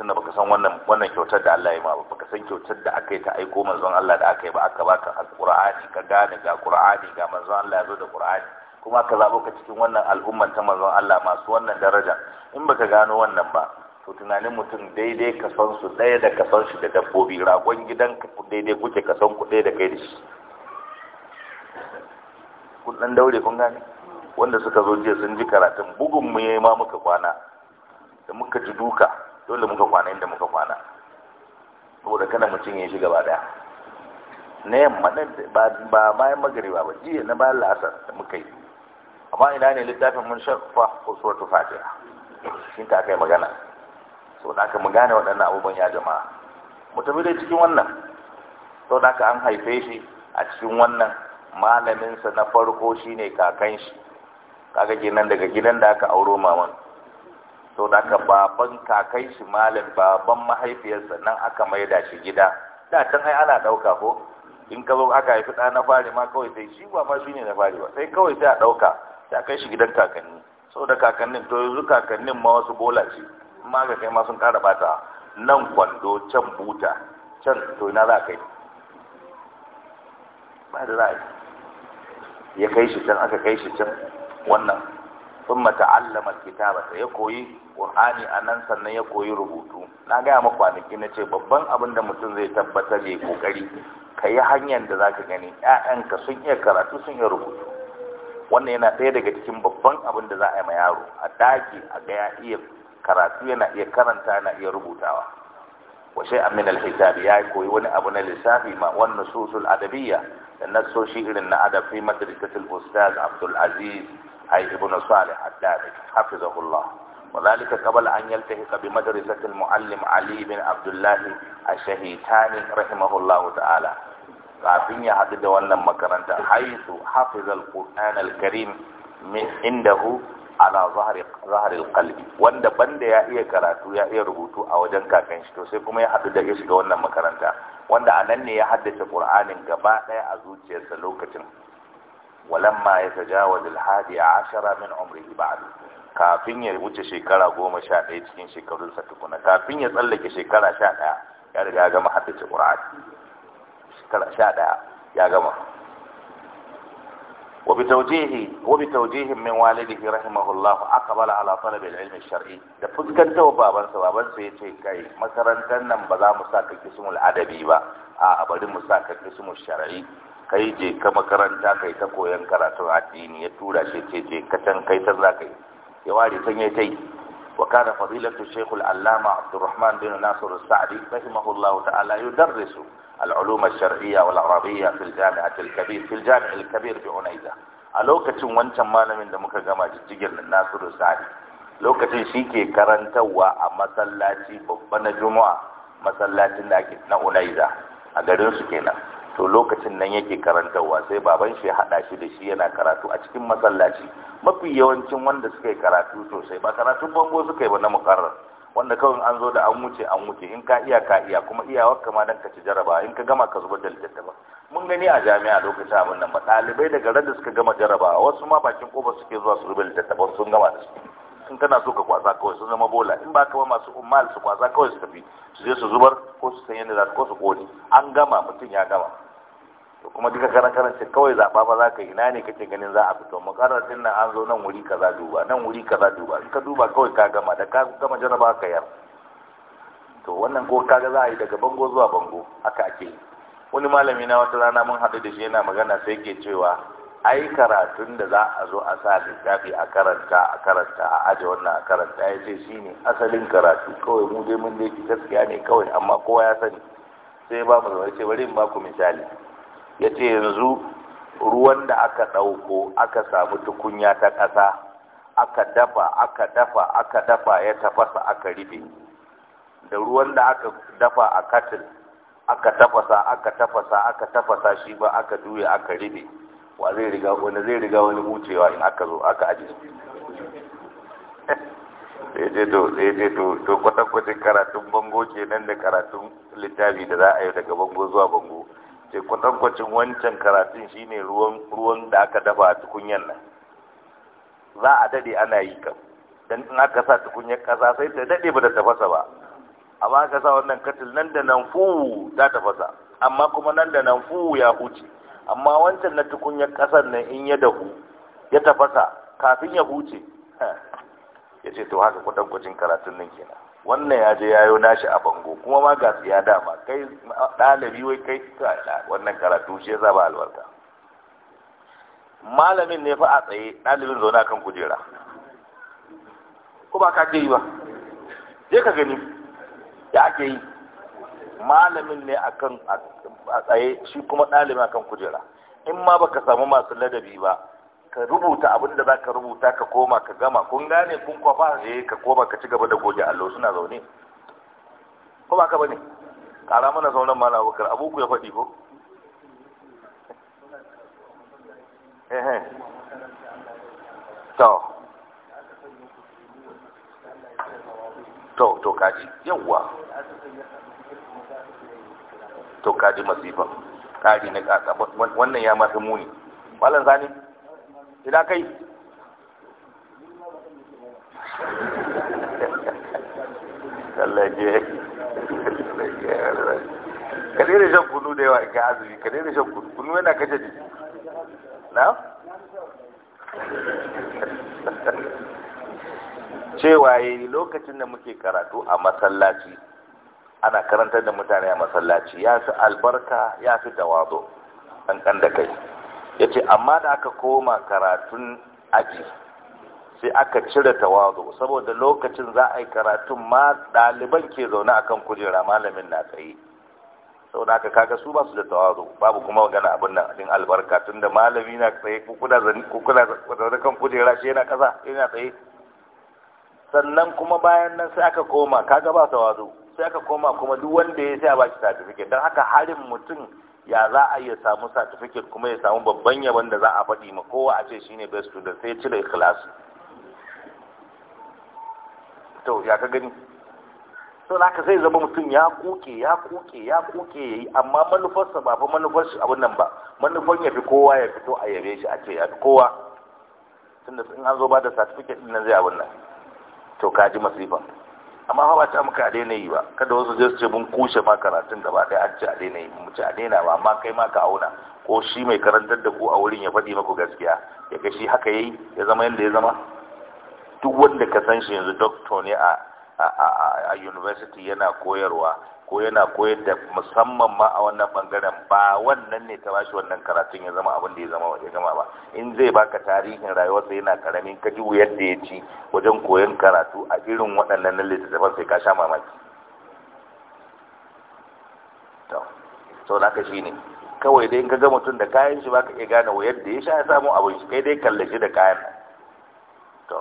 tunda baka san wannan wannan kyautar da Allah ya ma baka san kyautar da aka yi ta aiko manzon Allah da aka yi ba aka baka alqur'ani ka gane ga qur'ani ga manzon Allah ya zo da qur'ani kuma ka zabo ka cikin wannan al'ummar ta manzon Allah masu wannan daraja in baka gano wannan ba to tunanin mutum daidai kason su ɗaya da kason shi da dabbobi ragon gidan daidai kuke kason ku ɗaya da kai da shi kun ɗan daure kun gane wanda suka zo jiya sun ji karatun bugun mu yayi ma muka kwana da muka ji duka dole muka kwana inda muka kwana saboda kada mutum ya shi gaba ɗaya na yamma ba ba bayan magariba ba jiya na bayan la'asar da muka yi amma ina ne littafin mun shafa ko suratul fatiha shi ta kai magana so da aka mu gane waɗannan abubuwan ya jama'a mu tafi dai cikin wannan so da aka an haife shi a cikin wannan malaminsa na farko shine kakan shi kaga kenan daga gidan da aka auro maman so da aka baban kakan shi malam baban mahaifiyarsa nan aka maida shi gida da can ai ana ɗauka ko in ka zo aka haifi ɗa na fari ma kawai sai shi ba ma shi ne na fari ba sai kawai sai a ɗauka sai a kai shi gidan kakanni da kakannin to yanzu kakannin ma wasu bola ce maga kai ma sun kara bata nan kwando can buta can to ina za kai ba da za ya kai shi can aka kai shi can wannan sun mata'allama kitabata ya koyi ƙur'ani a nan sannan ya koyi rubutu na gaya ma kwanaki na ce babban abin da mutum zai tabbatar ya yi ƙoƙari ka yi hanyar da za ka gani 'ya'yanka sun iya karatu sun iya rubutu wannan yana ɗaya daga cikin babban abin da za a yi ma yaro a daki a gaya iya karatu yana iya karanta yana iya rubutawa wa shay an min al-hisab ya koyi wani abu na lissafi ma wan nususul adabiyya da nasoshi irin na adab fi madrasatul ustaz Abdul Aziz ay ibn Salih al dabi hafizahullah wa وذلك qabl an يلتحق bi madrasatil muallim Ali bin Abdullah ash-Shahitani rahimahullah ta'ala kafin ya hadu da wannan makaranta haythu hafizal qur'an al-karim min indahu ala zaharil kalbi wanda banda ya iya karatu ya iya rubutu a wajen kakan shi to sai kuma ya hadu da ya shiga wannan makaranta wanda anan ne ya haddace ƙur'anin gaba ɗaya a zuciyarsa lokacin walamma ya tajawaz alhadi a ashara min umrihi ba'du kafin ya wuce shekara goma sha ɗaya cikin shekarunsa tukuna kafin ya tsallake shekara sha ɗaya ya riga ya gama haddace ƙur'ani shekara sha ɗaya ya gama وبتوجيه وبتوجيه من والده رحمه الله اقبل على طلب العلم الشرعي da fuskantar baban sa baban sa yace kai makarantar nan ba za mu saka kismul adabi ba a bari mu sa saka kismul shar'i kai je ka makaranta kai ta koyan karatu addini ya tura shi ce je ka can kai ta ka yi ya ware san yayi وكان فضيلة الشيخ العلامة عبد الرحمن بن ناصر السعدي رحمه الله تعالى يدرس العلوم الشرعية والعربية في الجامعة الكبير في الجامع الكبير بعنيزة ألوكة وانت مالا من دمك جمع جدجل من ناصر السعدي lokacin shi ke karantarwa a masallaci babba na juma'a masallacin da ake na unaiza a garin su kenan to lokacin nan yake karantarwa sai baban shi hada shi da shi yana karatu a cikin masallaci mafi yawancin wanda suka yi karatu sosai ba karatun bango suka yi ba na mukarrar wanda kawai an zo da an wuce an wuce in ka iya ka iya kuma iyawar kama dan ka ci jaraba in ka gama ka zubar da littattafa mun gani a jami'a lokacin abin nan ba ɗalibai daga ran da suka gama jaraba wasu ma bakin kofar suke zuwa su rubuta littattafa sun gama da su in kana so ka kwasa kawai sun zama bola in ba kama masu ummal su kwasa kawai su tafi su je su zubar ko su san yadda za su ko su kone an gama mutum ya gama to kuma duka kana karance kawai zaba ba za ka ina ne kake ganin za a fito makarar din nan an zo nan wuri kaza duba nan wuri kaza duba in ka duba kawai ka gama da ka gama jaraba ka yar to wannan ko kaga za a yi daga bango zuwa bango haka ake wani malami na wata rana mun haɗu da shi yana magana sai ke cewa ai karatun da za a zo a sa littafi a karanta a karanta a aje wannan a karanta ya ce shi ne asalin karatu kawai mu dai mun dai gaskiya ne kawai amma kowa ya sani sai ba mu zama ce bari in ba ku misali ya ce yanzu ruwan da aka ɗauko aka samu tukunya ta ƙasa aka dafa aka dafa aka dafa ya tafasa aka ribe da ruwan da aka dafa a katil aka tafasa aka tafasa aka tafasa shi ba aka duya aka ribe wa zai riga wani zai riga wani hucewa in aka zo aka aji. daidai to daidai to kwatakwacin karatun bango kenan da karatun littafi da za a yi daga bango zuwa bango ce kwatankwacin wancan karatun shine ruwan ruwan da aka dafa a tukunyan nan za a dade ana yi kam dan in aka sa tukunyar kasa sai ta dade ba da tafasa ba amma aka sa wannan katil nan da nan fu ta tafasa amma kuma nan da nan fu ya huce amma wancan na tukunyar kasar nan in ya dahu ya tafasa kafin ya huce ya ce to haka kwatankwacin karatun nan kenan wannan ya je yayo nashi a bango kuma ma ga ya dama kai ɗalibi wai kai ka wannan karatu shi ya ba albarka malamin ne fa a tsaye ɗalibin zaune kan kujera ko ba ka ke yi ba je ka gani ya ake yi malamin ne akan a tsaye shi kuma ɗalibin akan kujera in ma baka samu masu ladabi ba ka rubuta abin da za ka rubuta ka koma ka gama kun gane kun kwafa eh ka koma ka ci gaba da goge allo suna zaune ko ba ka bane kara mana sauran mala bakar abuku ya faɗi ko eh to to to kaji yawwa to kaji masifa kaji na kasa wannan ya mafi muni malam zani ila kai ka daina shan kunu da yawa in ka azumi ka daina shan kunu kunu yana kashe jiki na cewa yi lokacin da muke karatu a masallaci ana karantar da mutane a masallaci ya fi albarka ya fi tawazo an kan da kai ya ce amma da aka koma karatun aji sai aka cire tawazu saboda lokacin za a yi karatun ma ɗaliban ke zaune a kan kujera malamin na tsaye saboda aka kaga su ba su da tawazu babu kuma magana abin nan din albarka tunda malami na tsaye kukuna zaune kan kujera shi yana ƙasa yana tsaye sannan kuma bayan nan sai aka koma kaga ba tawazu sai aka koma kuma duk wanda ya sai a baki certificate don haka harin mutum ya za a iya samu satifiket kuma ya samu babban yaban da za a faɗi ma kowa a ce shi ne best student sai cire ikhlasi to ya ka gani to haka sai zama mutum ya kuke ya kuke ya kuke yi amma manufarsa ba fa manufar shi abin nan ba manufar ya fi kowa ya fito a yabe shi a ce ya fi kowa tunda in an zo ba da satifiket din nan zai abin nan to ka ji masifan amma ba ta muka a daina yi ba kada wasu zai ce mun kushe ma karatun gaba ɗaya an ce a daina yi mun ce a daina ba amma kai ma ka auna ko shi mai karantar da ku a wurin ya faɗi maku gaskiya ya ga shi haka yayi ya zama yadda ya zama duk wanda ka san shi yanzu doctor ne a a a university yana koyarwa ko yana koyar da musamman ma a wannan bangaren ba wannan ne ta bashi wannan karatun ya zama abin da ya zama ya gama ba in zai baka tarihin rayuwarsa yana karamin ka ji wuyar da ya ci wajen koyon karatu a irin waɗannan na littattafan sai ka sha mamaki to sau da shi ne kawai dai ka ga mutum da kayan shi baka iya gane wuyar da ya sha ya samu abin shi kai dai kalle shi da kayan to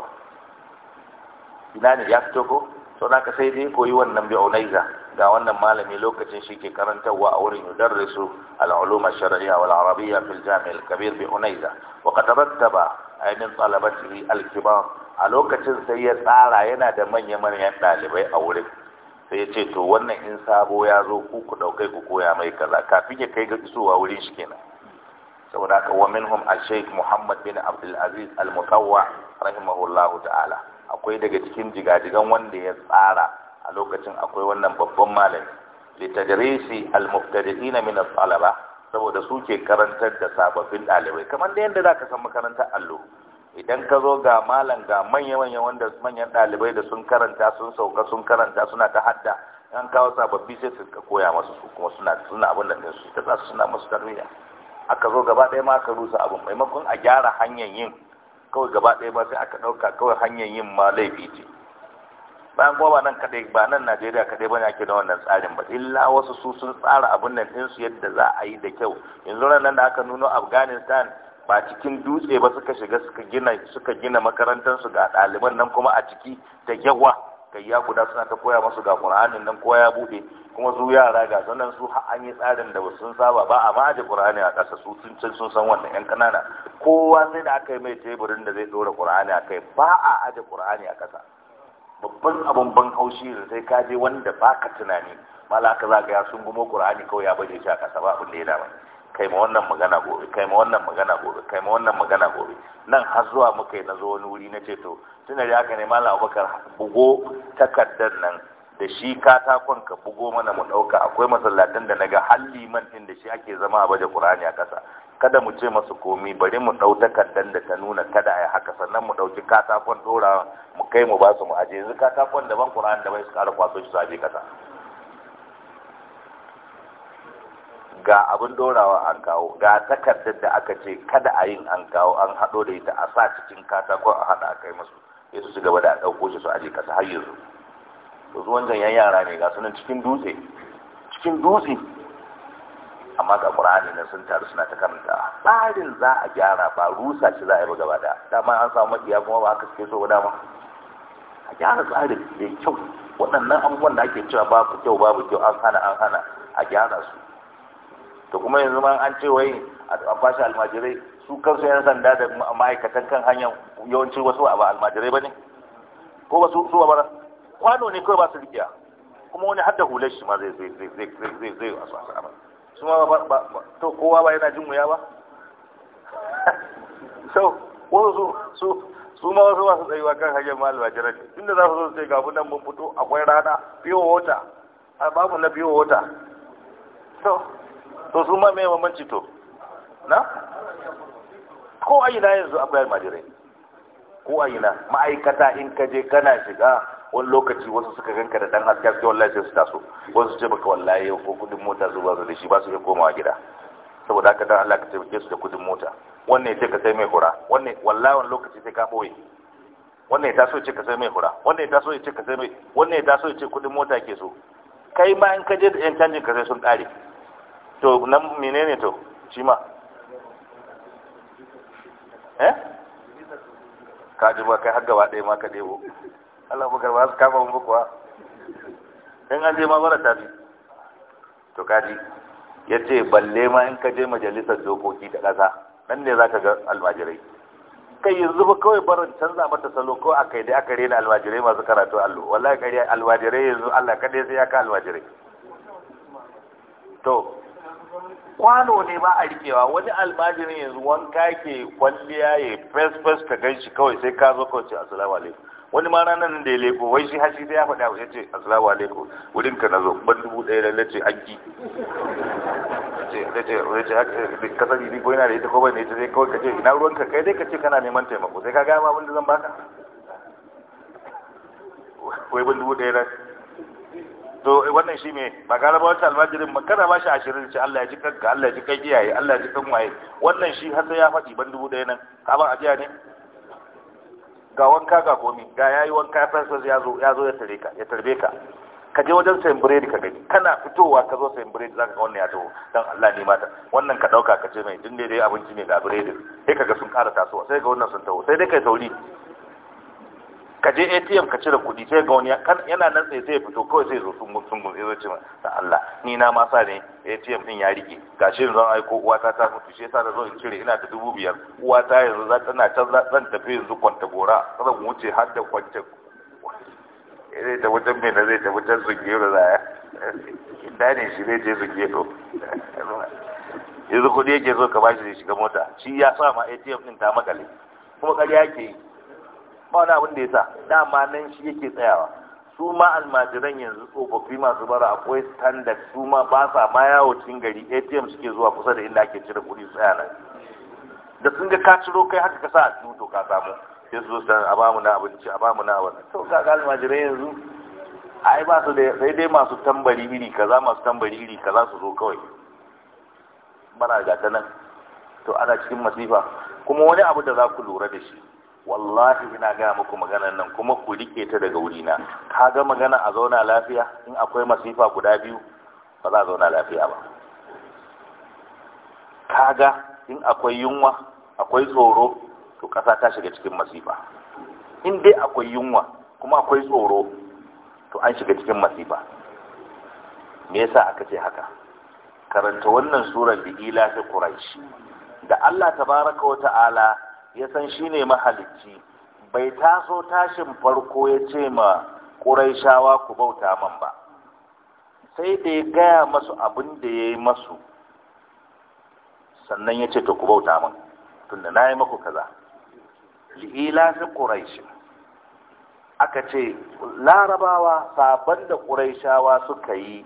ina ne ya fito ko sau da ka sai dai koyi wannan bi bi'unaiza ga wannan malami lokacin shi ke karantarwa a wurin yudarrisu al-ulum ash-shar'iyya wal arabiyya fil jami' al-kabir bi'unaiza wa qad rattaba ayyan talabatihi al-kibar a lokacin sai ya tsara yana da manya-manyan dalibai a wurin sai ya ce to wannan in sabo ya zo ku ku daukai ku koya mai kaza kafin ya kai ga isowa wurin shi kenan saboda ka wa minhum al-shaykh Muhammad bin Abdul Aziz al-Mutawwa rahimahullahu ta'ala akwai daga cikin jigajigan wanda ya tsara a lokacin akwai wannan babban malami litadrisi almubtadi'in min al-talaba saboda su ke karantar da sababbin dalibai kamar da yanda zaka san makarantar allo idan ka zo ga malam ga manya-manyan wanda manyan dalibai da sun karanta sun sauka sun karanta suna ta hadda an kawo sababbi sai su koya masu su kuma suna suna abin da su ta suna masu tarbiyya aka zo gaba ɗaya ma ka rusa abin maimakon a gyara hanyar yin kawai gaba ɗaya ba sai aka ɗauka kawai hanyar yin ma laifi ce bayan kuma ba nan kaɗai ba nan najeriya kaɗai ba ne ake da wannan tsarin ba illa wasu su sun tsara abun nan su yadda za a yi da kyau yanzu nan da aka nuno afghanistan ba cikin dutse ba suka shiga suka gina suka gina makarantarsu ga ɗaliban nan kuma a ciki da yawa kayya guda suna ta koya masu ga qur'anin nan kowa ya bude kuma su yara ga sanan su har an yi tsarin da sun saba ba a ma'aji qur'ani a kasa su sun sun san wannan yan kanana kowa sai da aka yi mai teburin da zai dora qur'ani a kai ba a aje qur'ani a kasa babban abun ban haushi da sai kaje je wanda baka tunani mala za zaga ya sun gumo qur'ani kawai ya baje shi a ƙasa ba abin da ya dama kai ma wannan magana gobe kai ma wannan magana gobe kai ma wannan magana gobe nan har zuwa muka yi na zo wani wuri na ce to tun da haka ne malam abubakar bugo takardar nan da shi katakon ka bugo mana mu ɗauka akwai masallatan da naga halli man ɗin da shi ake zama a baje ƙur'ani a ƙasa kada mu ce masu komi bari mu ɗau takardar da ta nuna kada a yi haka sannan mu ɗauki katakon ɗorawa mu kai mu ba su mu aje yanzu katakon daban ƙur'ani bai su ƙara kwaso shi su aje ƙasa ga abin dorawa an kawo ga takardar da aka ce kada a yin an kawo an haɗo da ita a sa cikin katakon a haɗa a kai masu ya su gaba da ɗauko shi su aje kasa har yanzu to zuwan janyen yara ne ga sunan cikin dutse cikin dutse amma ga ƙur'ani nan sun taru suna ta karanta tsarin za a gyara ba rusa shi za a yi ba gaba da dama an samu maɗiya kuma ba haka suke so ba dama a gyara tsarin mai kyau waɗannan abubuwan da ake cewa babu kyau babu kyau an hana an hana a gyara su to kuma yanzu ma an ce wai a bashi almajirai su kansu yan sanda da ma'aikatan kan hanyar yawancin wasu ba almajirai ba ne ko ba su ba ba kwano ne kawai ba su rikiya kuma wani hadda hular shi ma zai zai zai zai zai zai zai wasu wasu amma su ma ba to kowa ba yana jin wuya ba so wasu su su ma wasu masu tsayuwa kan hanyar ma almajirai ne za su zo su ce gabu nan mun fito akwai rana fiye wata a babu na fiye wata so to su ma mai mamanci to na ko a yanzu akwai almajirai ko a ma'aikata in ka je kana shiga wani lokaci wasu suka ganka da dan haske haske wallahi sai su taso wasu ce baka wallahi ko kudin mota zuwa ba su da shi ba su iya komawa gida saboda haka dan Allah ka taimake su da kudin mota wannan ya ce ka sai mai hura wannan wallahi wani lokaci sai ka boye wannan ya taso ya ce ka sai mai hura wannan ya taso ya ce ka sai mai wannan ya taso ya ce kudin mota ke so kai ma in ka je da yan canjin ka sai sun kare to nan menene to shi ma eh ka ji ba kai har gaba ɗaya ma ka ɗebo Allah bukar ba su kama mu kuwa in an je ma bara ta to kaji ya ce balle ma in ka je majalisar dokoki ta ƙasa nan ne za ka ga almajirai kai yanzu ba kawai barin canza mata salo ko a kai dai aka rena almajirai masu karatu allo wallahi kariya almajirai yanzu Allah kadai sai ya ka almajirai to kwano ne ba a rikewa wani almajirin yanzu wanka ke kwalliya ya fes fes ka gan shi kawai sai ka zo kawai ce assalamu alaikum wani ma ranar da ya leko wai shi hashi sai ya faɗa ya ce assalamu alaikum wurin ka na zo ban dubu ɗaya da lace an ki ce ka sani ni ko yana da ita ko bai ita sai kawai ka ce ina ruwan ka kai dai ka ce kana neman taimako sai ka gaya ma abin da zan baka wai ban dubu ɗaya to eh, wannan shi ne ba gara ba wata almajirin ba kada ba shi ashirin ce Allah ya ji kanka Allah ya ji kan iyaye Allah ya ji kan waye wannan shi har sai ya faɗi ban dubu ɗaya nan ka ban ajiya ne ga wanka ga komi ga yayi wanka fasa ya zo ya zo ya tare ka ya tarbe ka ka je wajen sayin biredi ka gani kana fitowa ka zo sayin biredi zaka ga wannan ya taho dan Allah ne mata wannan ka dauka ka ce mai din dai abinci ne ga biredi sai ka ga sun ƙara tasowa sai ga wannan sun taho sai dai kai sauri ka je ATM ka cire kuɗi sai ga wani yana nan sai sai fito kawai sai zo sun mun sun mun sai ce da Allah ni na ma sa ne ATM din ya rike gashi yanzu an aiko uwata ta mutu shi yasa da zo in cire ina da dubu biyar uwata yanzu za tana can zan tafi yanzu kwanta gora mu wuce har da kwanta eh, zai da wajen mai na zai ta wajen zungero da ya da ne shi zai je zungero yanzu kuɗi yake zo ka bashi da shiga mota shi ya sa ma ATM din ta makale kuma kariya ke yi ba wani abin da ya sa dama nan shi yake tsayawa su ma almajiran yanzu tsofaffi masu bara akwai standard su ma ba sa ma yawo cikin gari atm suke zuwa kusa da inda ake cire kuɗi tsaya nan da sun ga ka ciro kai haka ka sa a to ka samu sai su zo a bamu na abinci a bamu na wani to ka ga almajiran yanzu ai ba su da sai dai masu tambari iri kaza masu tambari iri kaza su zo kawai na ga ta nan to ana cikin masifa kuma wani abu da za ku lura da shi wallahi ina gaya muku maganar nan kuma ku rike ta daga wurina ka ga magana a zauna lafiya in akwai masifa guda biyu ba za a zauna lafiya ba ka ga in akwai yunwa akwai tsoro to ƙasa ta shiga cikin masifa in dai akwai yunwa kuma akwai tsoro to an shiga cikin masifa me yasa aka ce haka karanta wannan surar da ila ta da Allah tabaraka wa ta'ala ya san shi ne mahalicci bai taso tashin farko ya ce ma ƙuraishawa ku bauta man ba sai da ya gaya masu abin da ya yi masu sannan ya ce to ku bauta man tunda na yi maku kaza li'ila fi ƙuraishi aka ce larabawa sabon da ƙuraishawa suka yi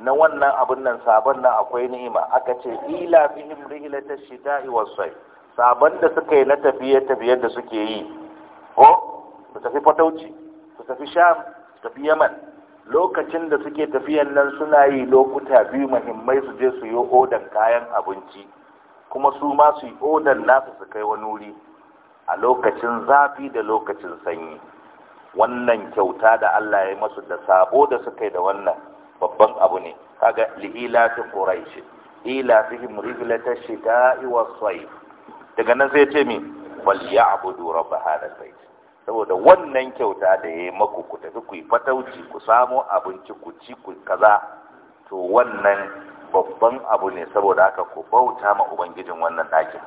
na wannan abin nan sabon nan akwai ni'ima aka ce ila fi himri ila ta shida iwasai sabon da suka yi na tafiye-tafiyen da suke yi ko su tafi fatauci su tafi sham su tafi yaman lokacin da suke tafiyan nan suna yi lokuta biyu mahimmai su je su yi odan kayan abinci kuma su ma su yi odan nasu su kai wani wuri a lokacin zafi da lokacin sanyi wannan kyauta da Allah ya masu da sabo da suka yi da wannan babban abu ne kaga li'ila fi shi, ila fihim rihlatash shita'i was sayf daga nan sai ce mi fal ya'budu rabb hadha bait saboda wannan kyauta da yayi maku ku tafi ku yi fatauci ku samu abinci ku ci ku kaza to wannan babban abu ne saboda haka ku bauta ma ubangijin wannan ɗakin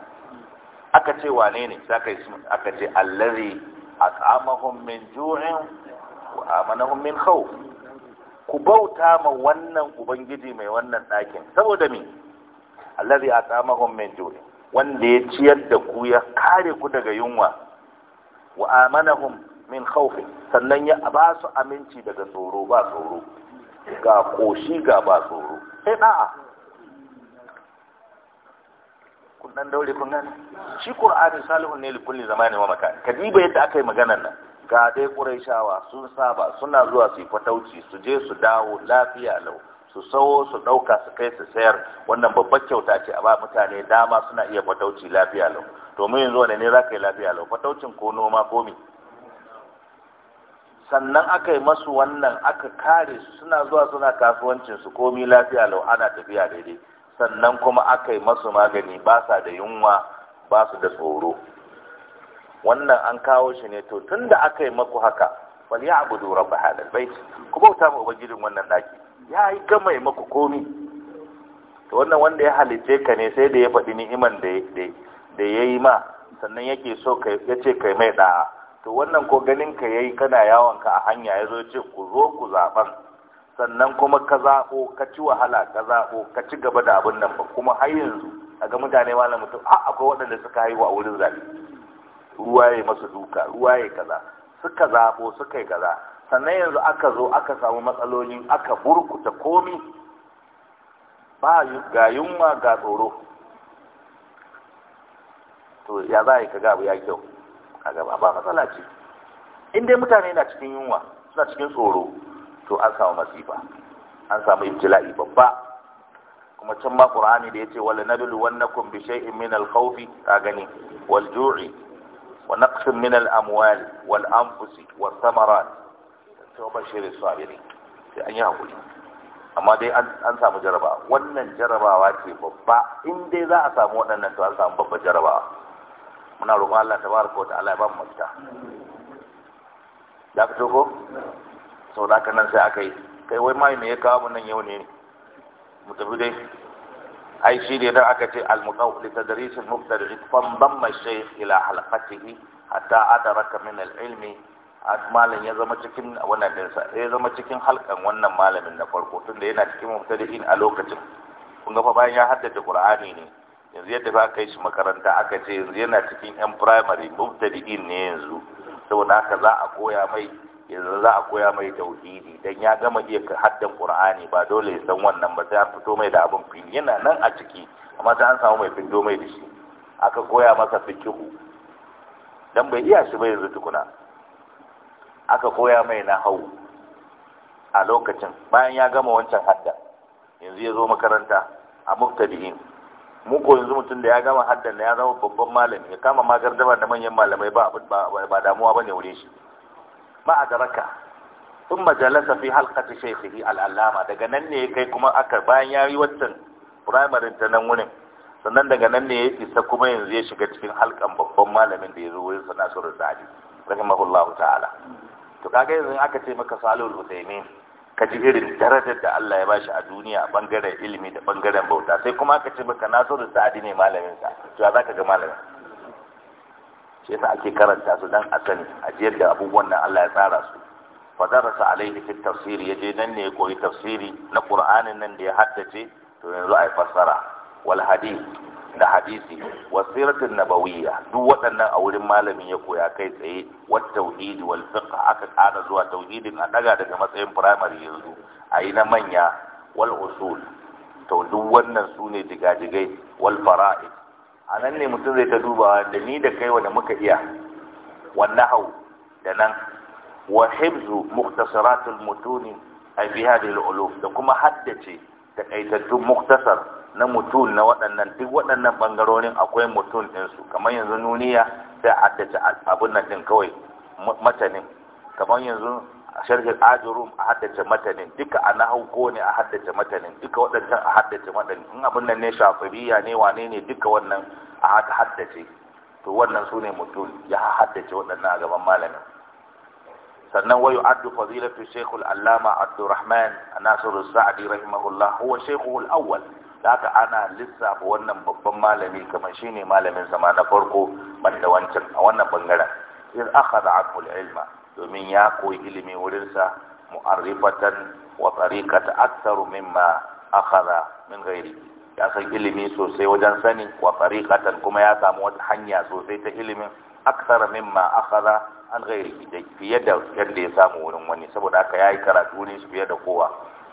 aka ce wane ne saka aka ce allazi at'amahum min ju'in wa amanahum min khawf ku bauta ma wannan ubangiji mai wannan ɗakin saboda me allazi at'amahum min ju'in wanda ya ciyar da ku ya kare ku daga yunwa wa amanahum min khawfi sannan ya ba su aminci daga tsoro ba tsoro ga koshi ga ba tsoro sai da'a kun dan daure kun gane shi qur'ani salihun ne li kulli zamani wa makan kadiba yadda aka yi maganar nan ga dai quraishawa sun saba suna zuwa su yi fatauci su je su dawo lafiya lau su sawo su ɗauka su kai su sayar wannan babbar kyauta ce a ba mutane dama suna iya fatauci lafiya lau domin yanzu wane ne za ka yi lafiya lau fataucin ko noma ko mi sannan aka yi masu wannan aka kare su suna zuwa suna kasuwancin su komi lafiya lau ana tafiya daidai sannan kuma aka yi masu magani ba sa da yunwa ba su da tsoro wannan an kawo shi ne to tunda aka yi maku haka wal ya'budu rabb hadal bait ku bauta ma ubangijin wannan daki ya yi gama maku komi to wannan wanda ya halice ka ne sai da ya faɗi ni'iman da ya yi ma sannan yake so ya ce kai mai ɗa'a to wannan ko ganin ka yayi kana yawon ka a hanya ya zo ce ku zo ku zaɓan sannan kuma ka zaɓo ka ci wahala ka zaɓo ka ci gaba da abin nan ba kuma har yanzu a ga mutane malam mutum a ah, akwai waɗanda suka haihu a wurin zaɓe ruwa ya masu duka ruwa ya kaza suka zaɓo suka yi kaza sannan yanzu aka zo aka samu matsaloli aka burkuta komi ba ga yunwa ga tsoro to ya za a yi kaga abu ya kyau a gaba ba matsala ce Inda mutane na cikin yunwa suna cikin tsoro to an samu masifa an samu ibtila'i babba kuma can ma qur'ani da ce wani nablu wannakum bi sha'in min al-khawf gani wal Wani wa naqsin min al-amwali wal anfusi was thamarat su a sabiri sai an yi hakuri amma dai an samu jaraba wannan jarabawa ce babba in dai za a samu waɗannan to an samu babba jarabawa muna roƙon Allah ta tabaraka wa Allah ya ba mu mafita da ka ko sau da haka nan sai aka yi kai wai mai ne ya kawo mu nan yau ne mu tafi dai ai shi ne dan aka ce al-muqaw li tadris al-mubtadi fa damma shaykh ila halqatihi hatta adraka min al-ilmi malam ya zama cikin wannan dinsa ya zama cikin halkan wannan malamin na farko tunda yana cikin mubtadi'in a lokacin kun ga fa bayan ya haddace qur'ani ne yanzu yadda ba kai shi makaranta aka ce yanzu yana cikin yan primary mubtadi'in ne yanzu saboda haka za a koya mai yanzu za a koya mai tauhidi dan ya gama iya haddan qur'ani ba dole ya san wannan ba sai an fito mai da abin fili yana nan a ciki amma sai an samu mai fito mai da shi aka koya masa fikihu dan bai iya shi ba yanzu tukuna aka koya mai na Hau a lokacin bayan ya gama wancan hadda yanzu ya zo makaranta a mubtadi'in mu ko yanzu mutum da ya gama haddan da ya zama babban malami ya kama ma da manyan malamai ba ba damuwa bane wuri shi ma adraka thumma majalasa fi halqati shaykhihi al-allama daga nan ne kai kuma aka bayan ya yi wancan primary ta nan wurin sannan daga nan ne ya isa kuma yanzu ya shiga cikin halkan babban malamin da ya zo wurin sa Nasiru Sa'di rahimahullah ta'ala to kage yanzu aka ce maka salul usaimi ka ji irin darajar da Allah ya bashi a duniya a bangaren ilimi da bangaren bauta sai kuma aka ce maka nasiru sa'adi ne malamin sa to za ka ga malamin shi yasa ake karanta su dan a a jiyar da abubuwan na Allah ya tsara su fa darasa alaihi fi tafsiri yaje nan ne ya koyi tafsiri na qur'anin nan da ya haddace to yanzu ai fassara wal hadith da hadisi wa siratin nabawiyya duk waɗannan a wurin malamin ya koya kai tsaye wat tauhidi wal fiqh aka ƙara zuwa tauhidin a daga daga matsayin primary yanzu a yi na manya wal usul to duk wannan su ne digadigai wal fara'id a nan ne mutum zai ta dubawa da ni da kai wanda muka iya wannan hau da nan wa hibzu muktasaratul mutuni a da kuma haddace takaitattun muktasar na mutum na waɗannan duk waɗannan ɓangarorin akwai mutum ɗinsu kamar yanzu nuniya sai a haddace abin nan ɗin kawai matanin kamar yanzu sharhin ajirum a haddace matanin duka a nahau ko ne a haddace matanin duka waɗancan a haddace matanin in abin nan ne shafiriya ne wane ne duka wannan a haka haddace to wannan su ne mutum ya haddace waɗannan a gaban malamin sannan wayo addu fadilatu shekul allama abdurrahman nasiru sa'adi rahimahullah huwa shekul awwal haka ana lissafa wannan babban malami kamar shine malamin zama na farko banda wancan a wannan bangaren iz akhadha anhu ilma domin ya koyi ilimi wurin sa mu'arrifatan wa tariqata aktharu mimma akhadha min ghairi ya san ilimi sosai wajen sani wa tariqatan kuma ya samu wata hanya sosai ta ilimin akthara mimma akhadha an ghairi fiye da yadda ya samu wurin wani saboda haka yayi karatu ne fiye da kowa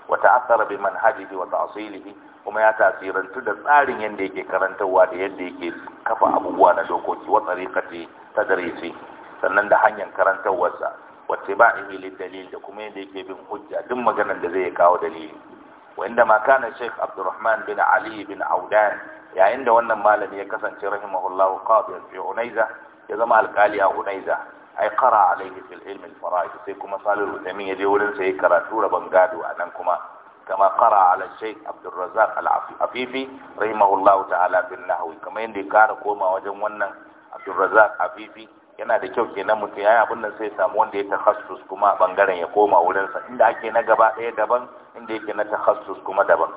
Wata ta'assara bi manhajihi wa ta'silihi kuma ya tasirantu da tsarin yadda yake karantarwa da yadda yake kafa abubuwa na dokoki wa tariqati tadrisi sannan da hanyar karantarwarsa wacce ba ihili dalil da kuma yadda yake bin hujja duk maganar da zai kawo dalili wanda ma kana Sheikh Abdulrahman bin Ali bin Audan yayin da wannan malami ya kasance rahimahullahu qadi fi Unaiza ya zama alkali a Unaiza ai kara alaihi fil ilm al fara'id sai kuma Salihu al ya je wurin sai karatu rabban gado a nan kuma kama qara ala shaykh abdul razzaq al afifi rahimahullahu ta'ala bin nahwi kamar yanda ya kara koma wajen wannan abdul razzaq afifi yana da kyau kenan mutum yayi abin nan sai samu wanda ya takhassus kuma bangaren ya koma wurin sa inda ake na gaba daya daban inda yake na takhassus kuma daban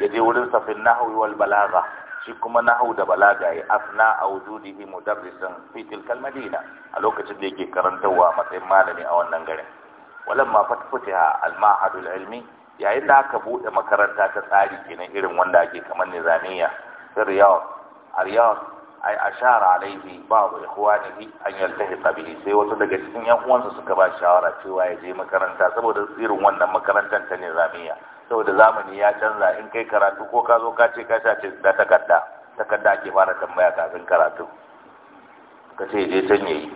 ya je wurin safin nahwi wal balagha shi kuma na hau da balaga ya asna a wujudihi mudarrisan fi tilkal madina a lokacin da yake karantarwa matsayin malami a wannan garin walan walamma fatfutiha al-ma'hadul ilmi yayin da aka bude makaranta ta tsari kenan irin wanda ake kamar nizamiya fi riyad riyad ay ashara alaihi ba'd ikhwanihi an yaltahiqa bihi sai wasu daga cikin yan uwansa suka ba shawara cewa ya je makaranta saboda irin wannan makarantar ta nizamiya saboda zamani ya canza in kai karatu ko ka zo ka ce ka sha ce da takarda takarda ake fara tambaya kafin karatu ka ce je can yayi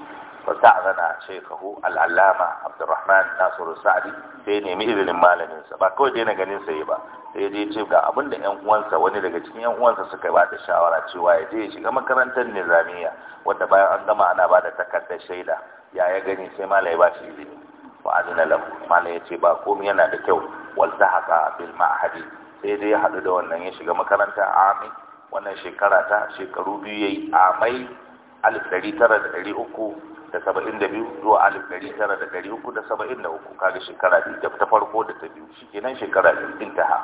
fa sa'ana shekahu al-allama abdurrahman nasiru sa'adi sai nemi izinin malaminsa, ba kawai dai na ganin sa yi ba sai dai ce ga abin da ƴan uwansa wani daga cikin 'yan uwansa suka ba da shawara cewa ya je ya shiga makarantar nizamiya wanda bayan an gama ana ba da takardar shaida ya ya gani sai malai ba shi izini fa adina lahu malai ya ce ba komai yana da kyau waltahaka bil ma'hadi sai dai ya haɗu da wannan ya shiga makaranta a amai. wannan shekara ta shekaru biyu ya yayi amai Alif ɗari tara da ɗari uku da saba'in da biyu zuwa alif ɗari tara da ɗari uku da saba'in da uku kaga shekara biyu ta farko da ta biyu shi kenan shekara biyu intaha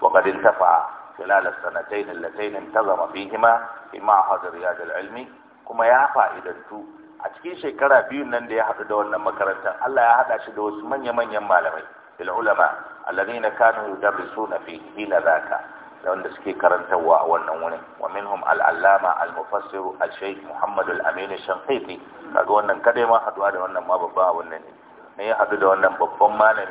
wa qad intafa خلال السنتين اللتين انتظم فيهما إما حاضر رياض العلم Kuma ya fa'idantu a cikin shekara biyun nan da ya haɗu da wannan makarantar Allah ya haɗa shi da wasu manya-manyan malamai bil الذين كانوا يدرسون فيه إلى ذاك لو نسكي كرنتوا والنوني ومنهم العلامة المفسر الشيخ محمد الأمين الشنقيطي أقول أن كدما حدوا أدوا أن ما ببا ونني نيا حدوا أن ببما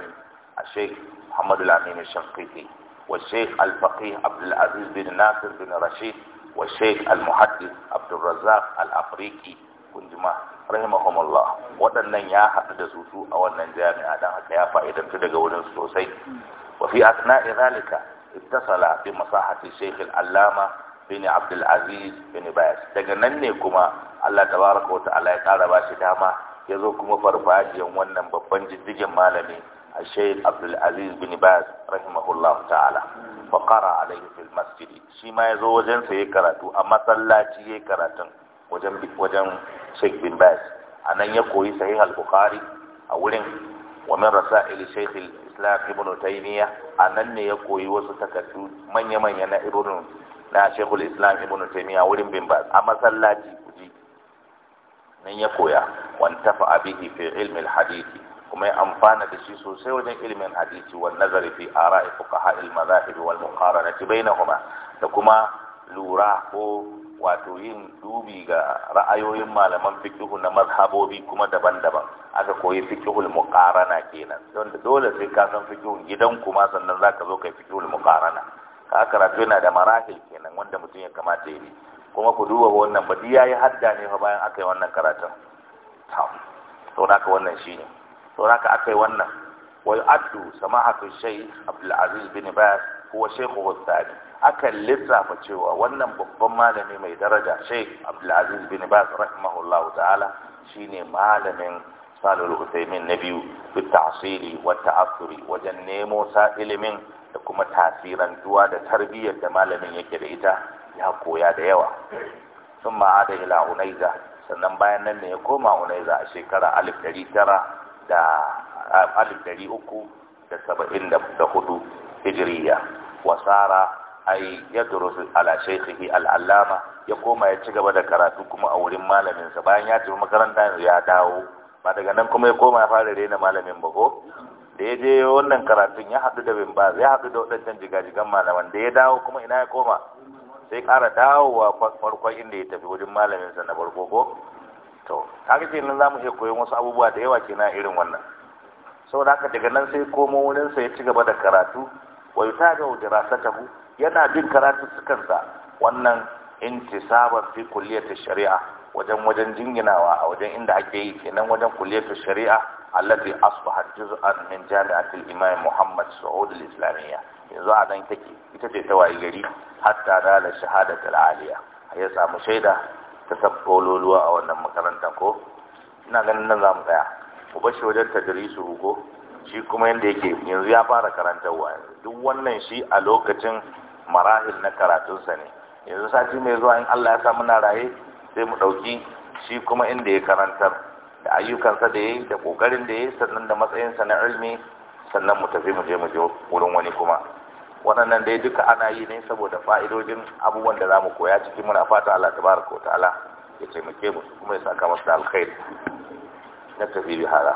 الشيخ محمد الأمين الشنقيطي والشيخ الفقيه عبد العزيز بن ناصر بن رشيد والشيخ المحدث عبد الرزاق الأفريقي kun jima rahimahumullah waɗannan ya haɗu da su a wannan jami'a dan haka ya fa'idantu daga wurin su sosai wa fi asna'i zalika ittasala bi masahati shaykh al-allama bin abdul aziz bin baz daga nan ne kuma Allah tabaraka wa ta'ala ya ƙara ba shi dama ya zo kuma farfajiyan wannan babban jiddigin malami الشيخ عبد bin بن باز رحمه الله تعالى فقرأ عليه في المسجد ya zo يزو وجن سي karatu اما صلاتي ya كراتن وجن wajen. Sheikh bin Baz a nan ya koyi sahih al-Bukhari a wurin wa min rasail Sheikh al-Islam Ibn Taymiyyah a nan ne ya koyi wasu takardu manya-manya na Ibn na Sheikh al-Islam Ibn Taymiyyah wurin bin Baz a masallaci kuji nan ya koya wan tafa bihi fi ilmi al-hadith kuma ya amfana da shi sosai wajen ilmin hadisi wa nazari fi ara'i fuqaha al-madhahib wal muqaranati bainahuma da kuma lura ko wato yin dubi ga ra'ayoyin malaman fikihu na mazhabobi kuma daban-daban aka koyi fikihul muqarana kenan don da dole sai ka san fikihun gidan kuma sannan zaka zo kai fikihul muqarana ka karatu yana da marahil kenan wanda mutum ya kamata ya bi kuma ku duba wannan ba yi hadda ne fa bayan aka yi wannan karatun to naka wannan shine to naka aka yi wannan wa yu'addu samahatu shaykh Abdul Aziz bin bas huwa shaykhuhu الثاني akan lissafa cewa wannan babban malami mai daraja shai Abdulaziz bin Baz rahimahullahu ta'ala shine malamin salul al na biyu fi ta'sili wa ta'assuri wajen nemo sa ilimin da kuma tasirantuwa da tarbiyyar da malamin yake da ita ya koya da yawa sun da ila unaiza sannan bayan nan ne ya koma unaiza a shekara alif ɗari tara da alif ɗari uku da saba'in da hudu hijiriya wasara ai ya durusu ala shaykhihi al ya koma ya ci gaba da karatu kuma a wurin malamin bayan ya tafi makaranta ya dawo ba daga nan kuma ya koma ya fara rena malamin ba ko da ya je wannan karatun ya haɗu da bimbaz ya haɗu da waɗancan jigajigan malaman da ya dawo kuma ina ya koma sai ƙara dawowa farkon inda ya tafi wurin malamin sa na farko ko to kaga nan zamu iya koyon wasu abubuwa da yawa kenan irin wannan saboda haka daga nan sai komo wurin sa ya ci gaba da karatu wa yutabi'u dirasatahu yana bin karatuttukansa wannan intisaban fi kulliyatul shari'a wajen wajen jinginawa a wajen inda ake yi kenan wajen kulliyatul shari'a allati asbahat juz'an min jami'atil imam Muhammad Saud al-Islamiyya yanzu a nan take ita ce ta wayi gari hatta dala shahadatul aliya ya samu shaida ta sabbololuwa a wannan makaranta ko ina ganin nan za mu tsaya ku bashi wajen tadrisu ko shi kuma yadda yake yanzu ya fara karantarwa duk wannan shi a lokacin marahil na karatunsa ne yanzu sati mai zuwa in Allah ya sa muna raye sai mu ɗauki shi kuma inda ya karantar da ayyukansa da ya yi da ƙoƙarin da ya yi sannan da matsayinsa na ilmi sannan mu tafi mu je mu je wurin wani kuma waɗannan dai duka ana yi ne saboda fa'idojin abubuwan da za mu koya ciki muna fata Allah tabaraka wa ta'ala ya taimake mu kuma ya saka masu alkhairi na tafi bihara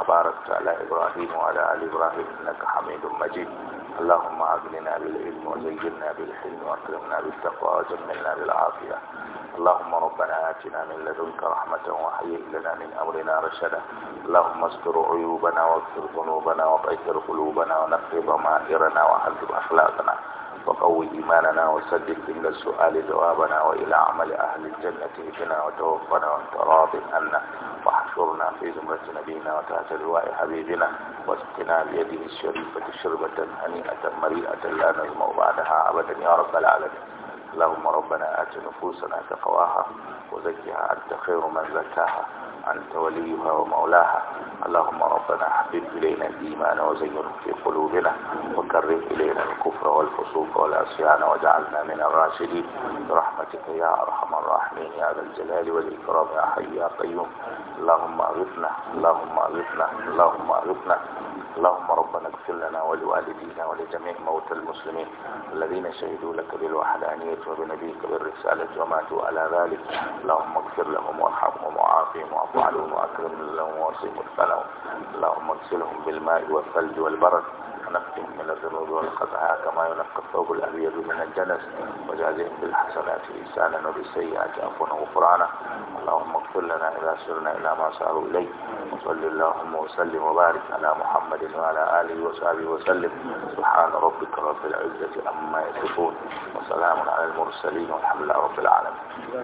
وبارك على إبراهيم وعلى آل إبراهيم إنك حميد مجيد اللهم أغننا بالعلم وزينا بالحلم وأكرمنا بالتقوى وجملنا بالعافية اللهم ربنا آتنا من لدنك رحمة وحيئ لنا من أمرنا رشدا اللهم استر عيوبنا واغفر ذنوبنا وطهر قلوبنا ونقي ضمائرنا وحذب أخلاقنا وقوي إيماننا وسدد من السؤال جوابنا وإلى عمل أهل الجنة بنا وتوفنا وانت راض عنا واحشرنا في زمرة نبينا وتحت لواء حبيبنا واسقنا بيده الشريفة شربة هنيئة مريئة لا نزمع بعدها أبدا يا رب العالمين اللهم ربنا آت نفوسنا تقواها وزكها أنت خير من زكاها أنت وليها ومولاها اللهم ربنا حبب إلينا الإيمان وزينه في قلوبنا وكره إلينا الكفر والفسوق والعصيان واجعلنا من الراشدين برحمتك يا أرحم الراحمين يا ذا الجلال والإكرام يا حي يا قيوم اللهم أغثنا اللهم أغثنا اللهم أغثنا اللهم ربنا اغفر لنا ولوالدينا ولجميع موتى المسلمين الذين شهدوا لك بالوحدانية وبنبيك بالرسالة وماتوا على ذلك اللهم اغفر لهم وارحمهم وعافهم واعف عنهم واكرم لهم واصم لهم اللهم اغسلهم بالماء والثلج والبرد نقي من الذنوب ونقضها كما ينقى الثوب الأبيض من الجنس وجازهم بالحسنات لسانا وبالسيئات عفوا وغفرانا اللهم اغفر لنا إذا سرنا إلى ما ساروا إليه وصل اللهم وسلم وبارك على محمد وعلى آله وصحبه وسلم سبحان ربك رب العزة عما يصفون وسلام على المرسلين والحمد لله رب العالمين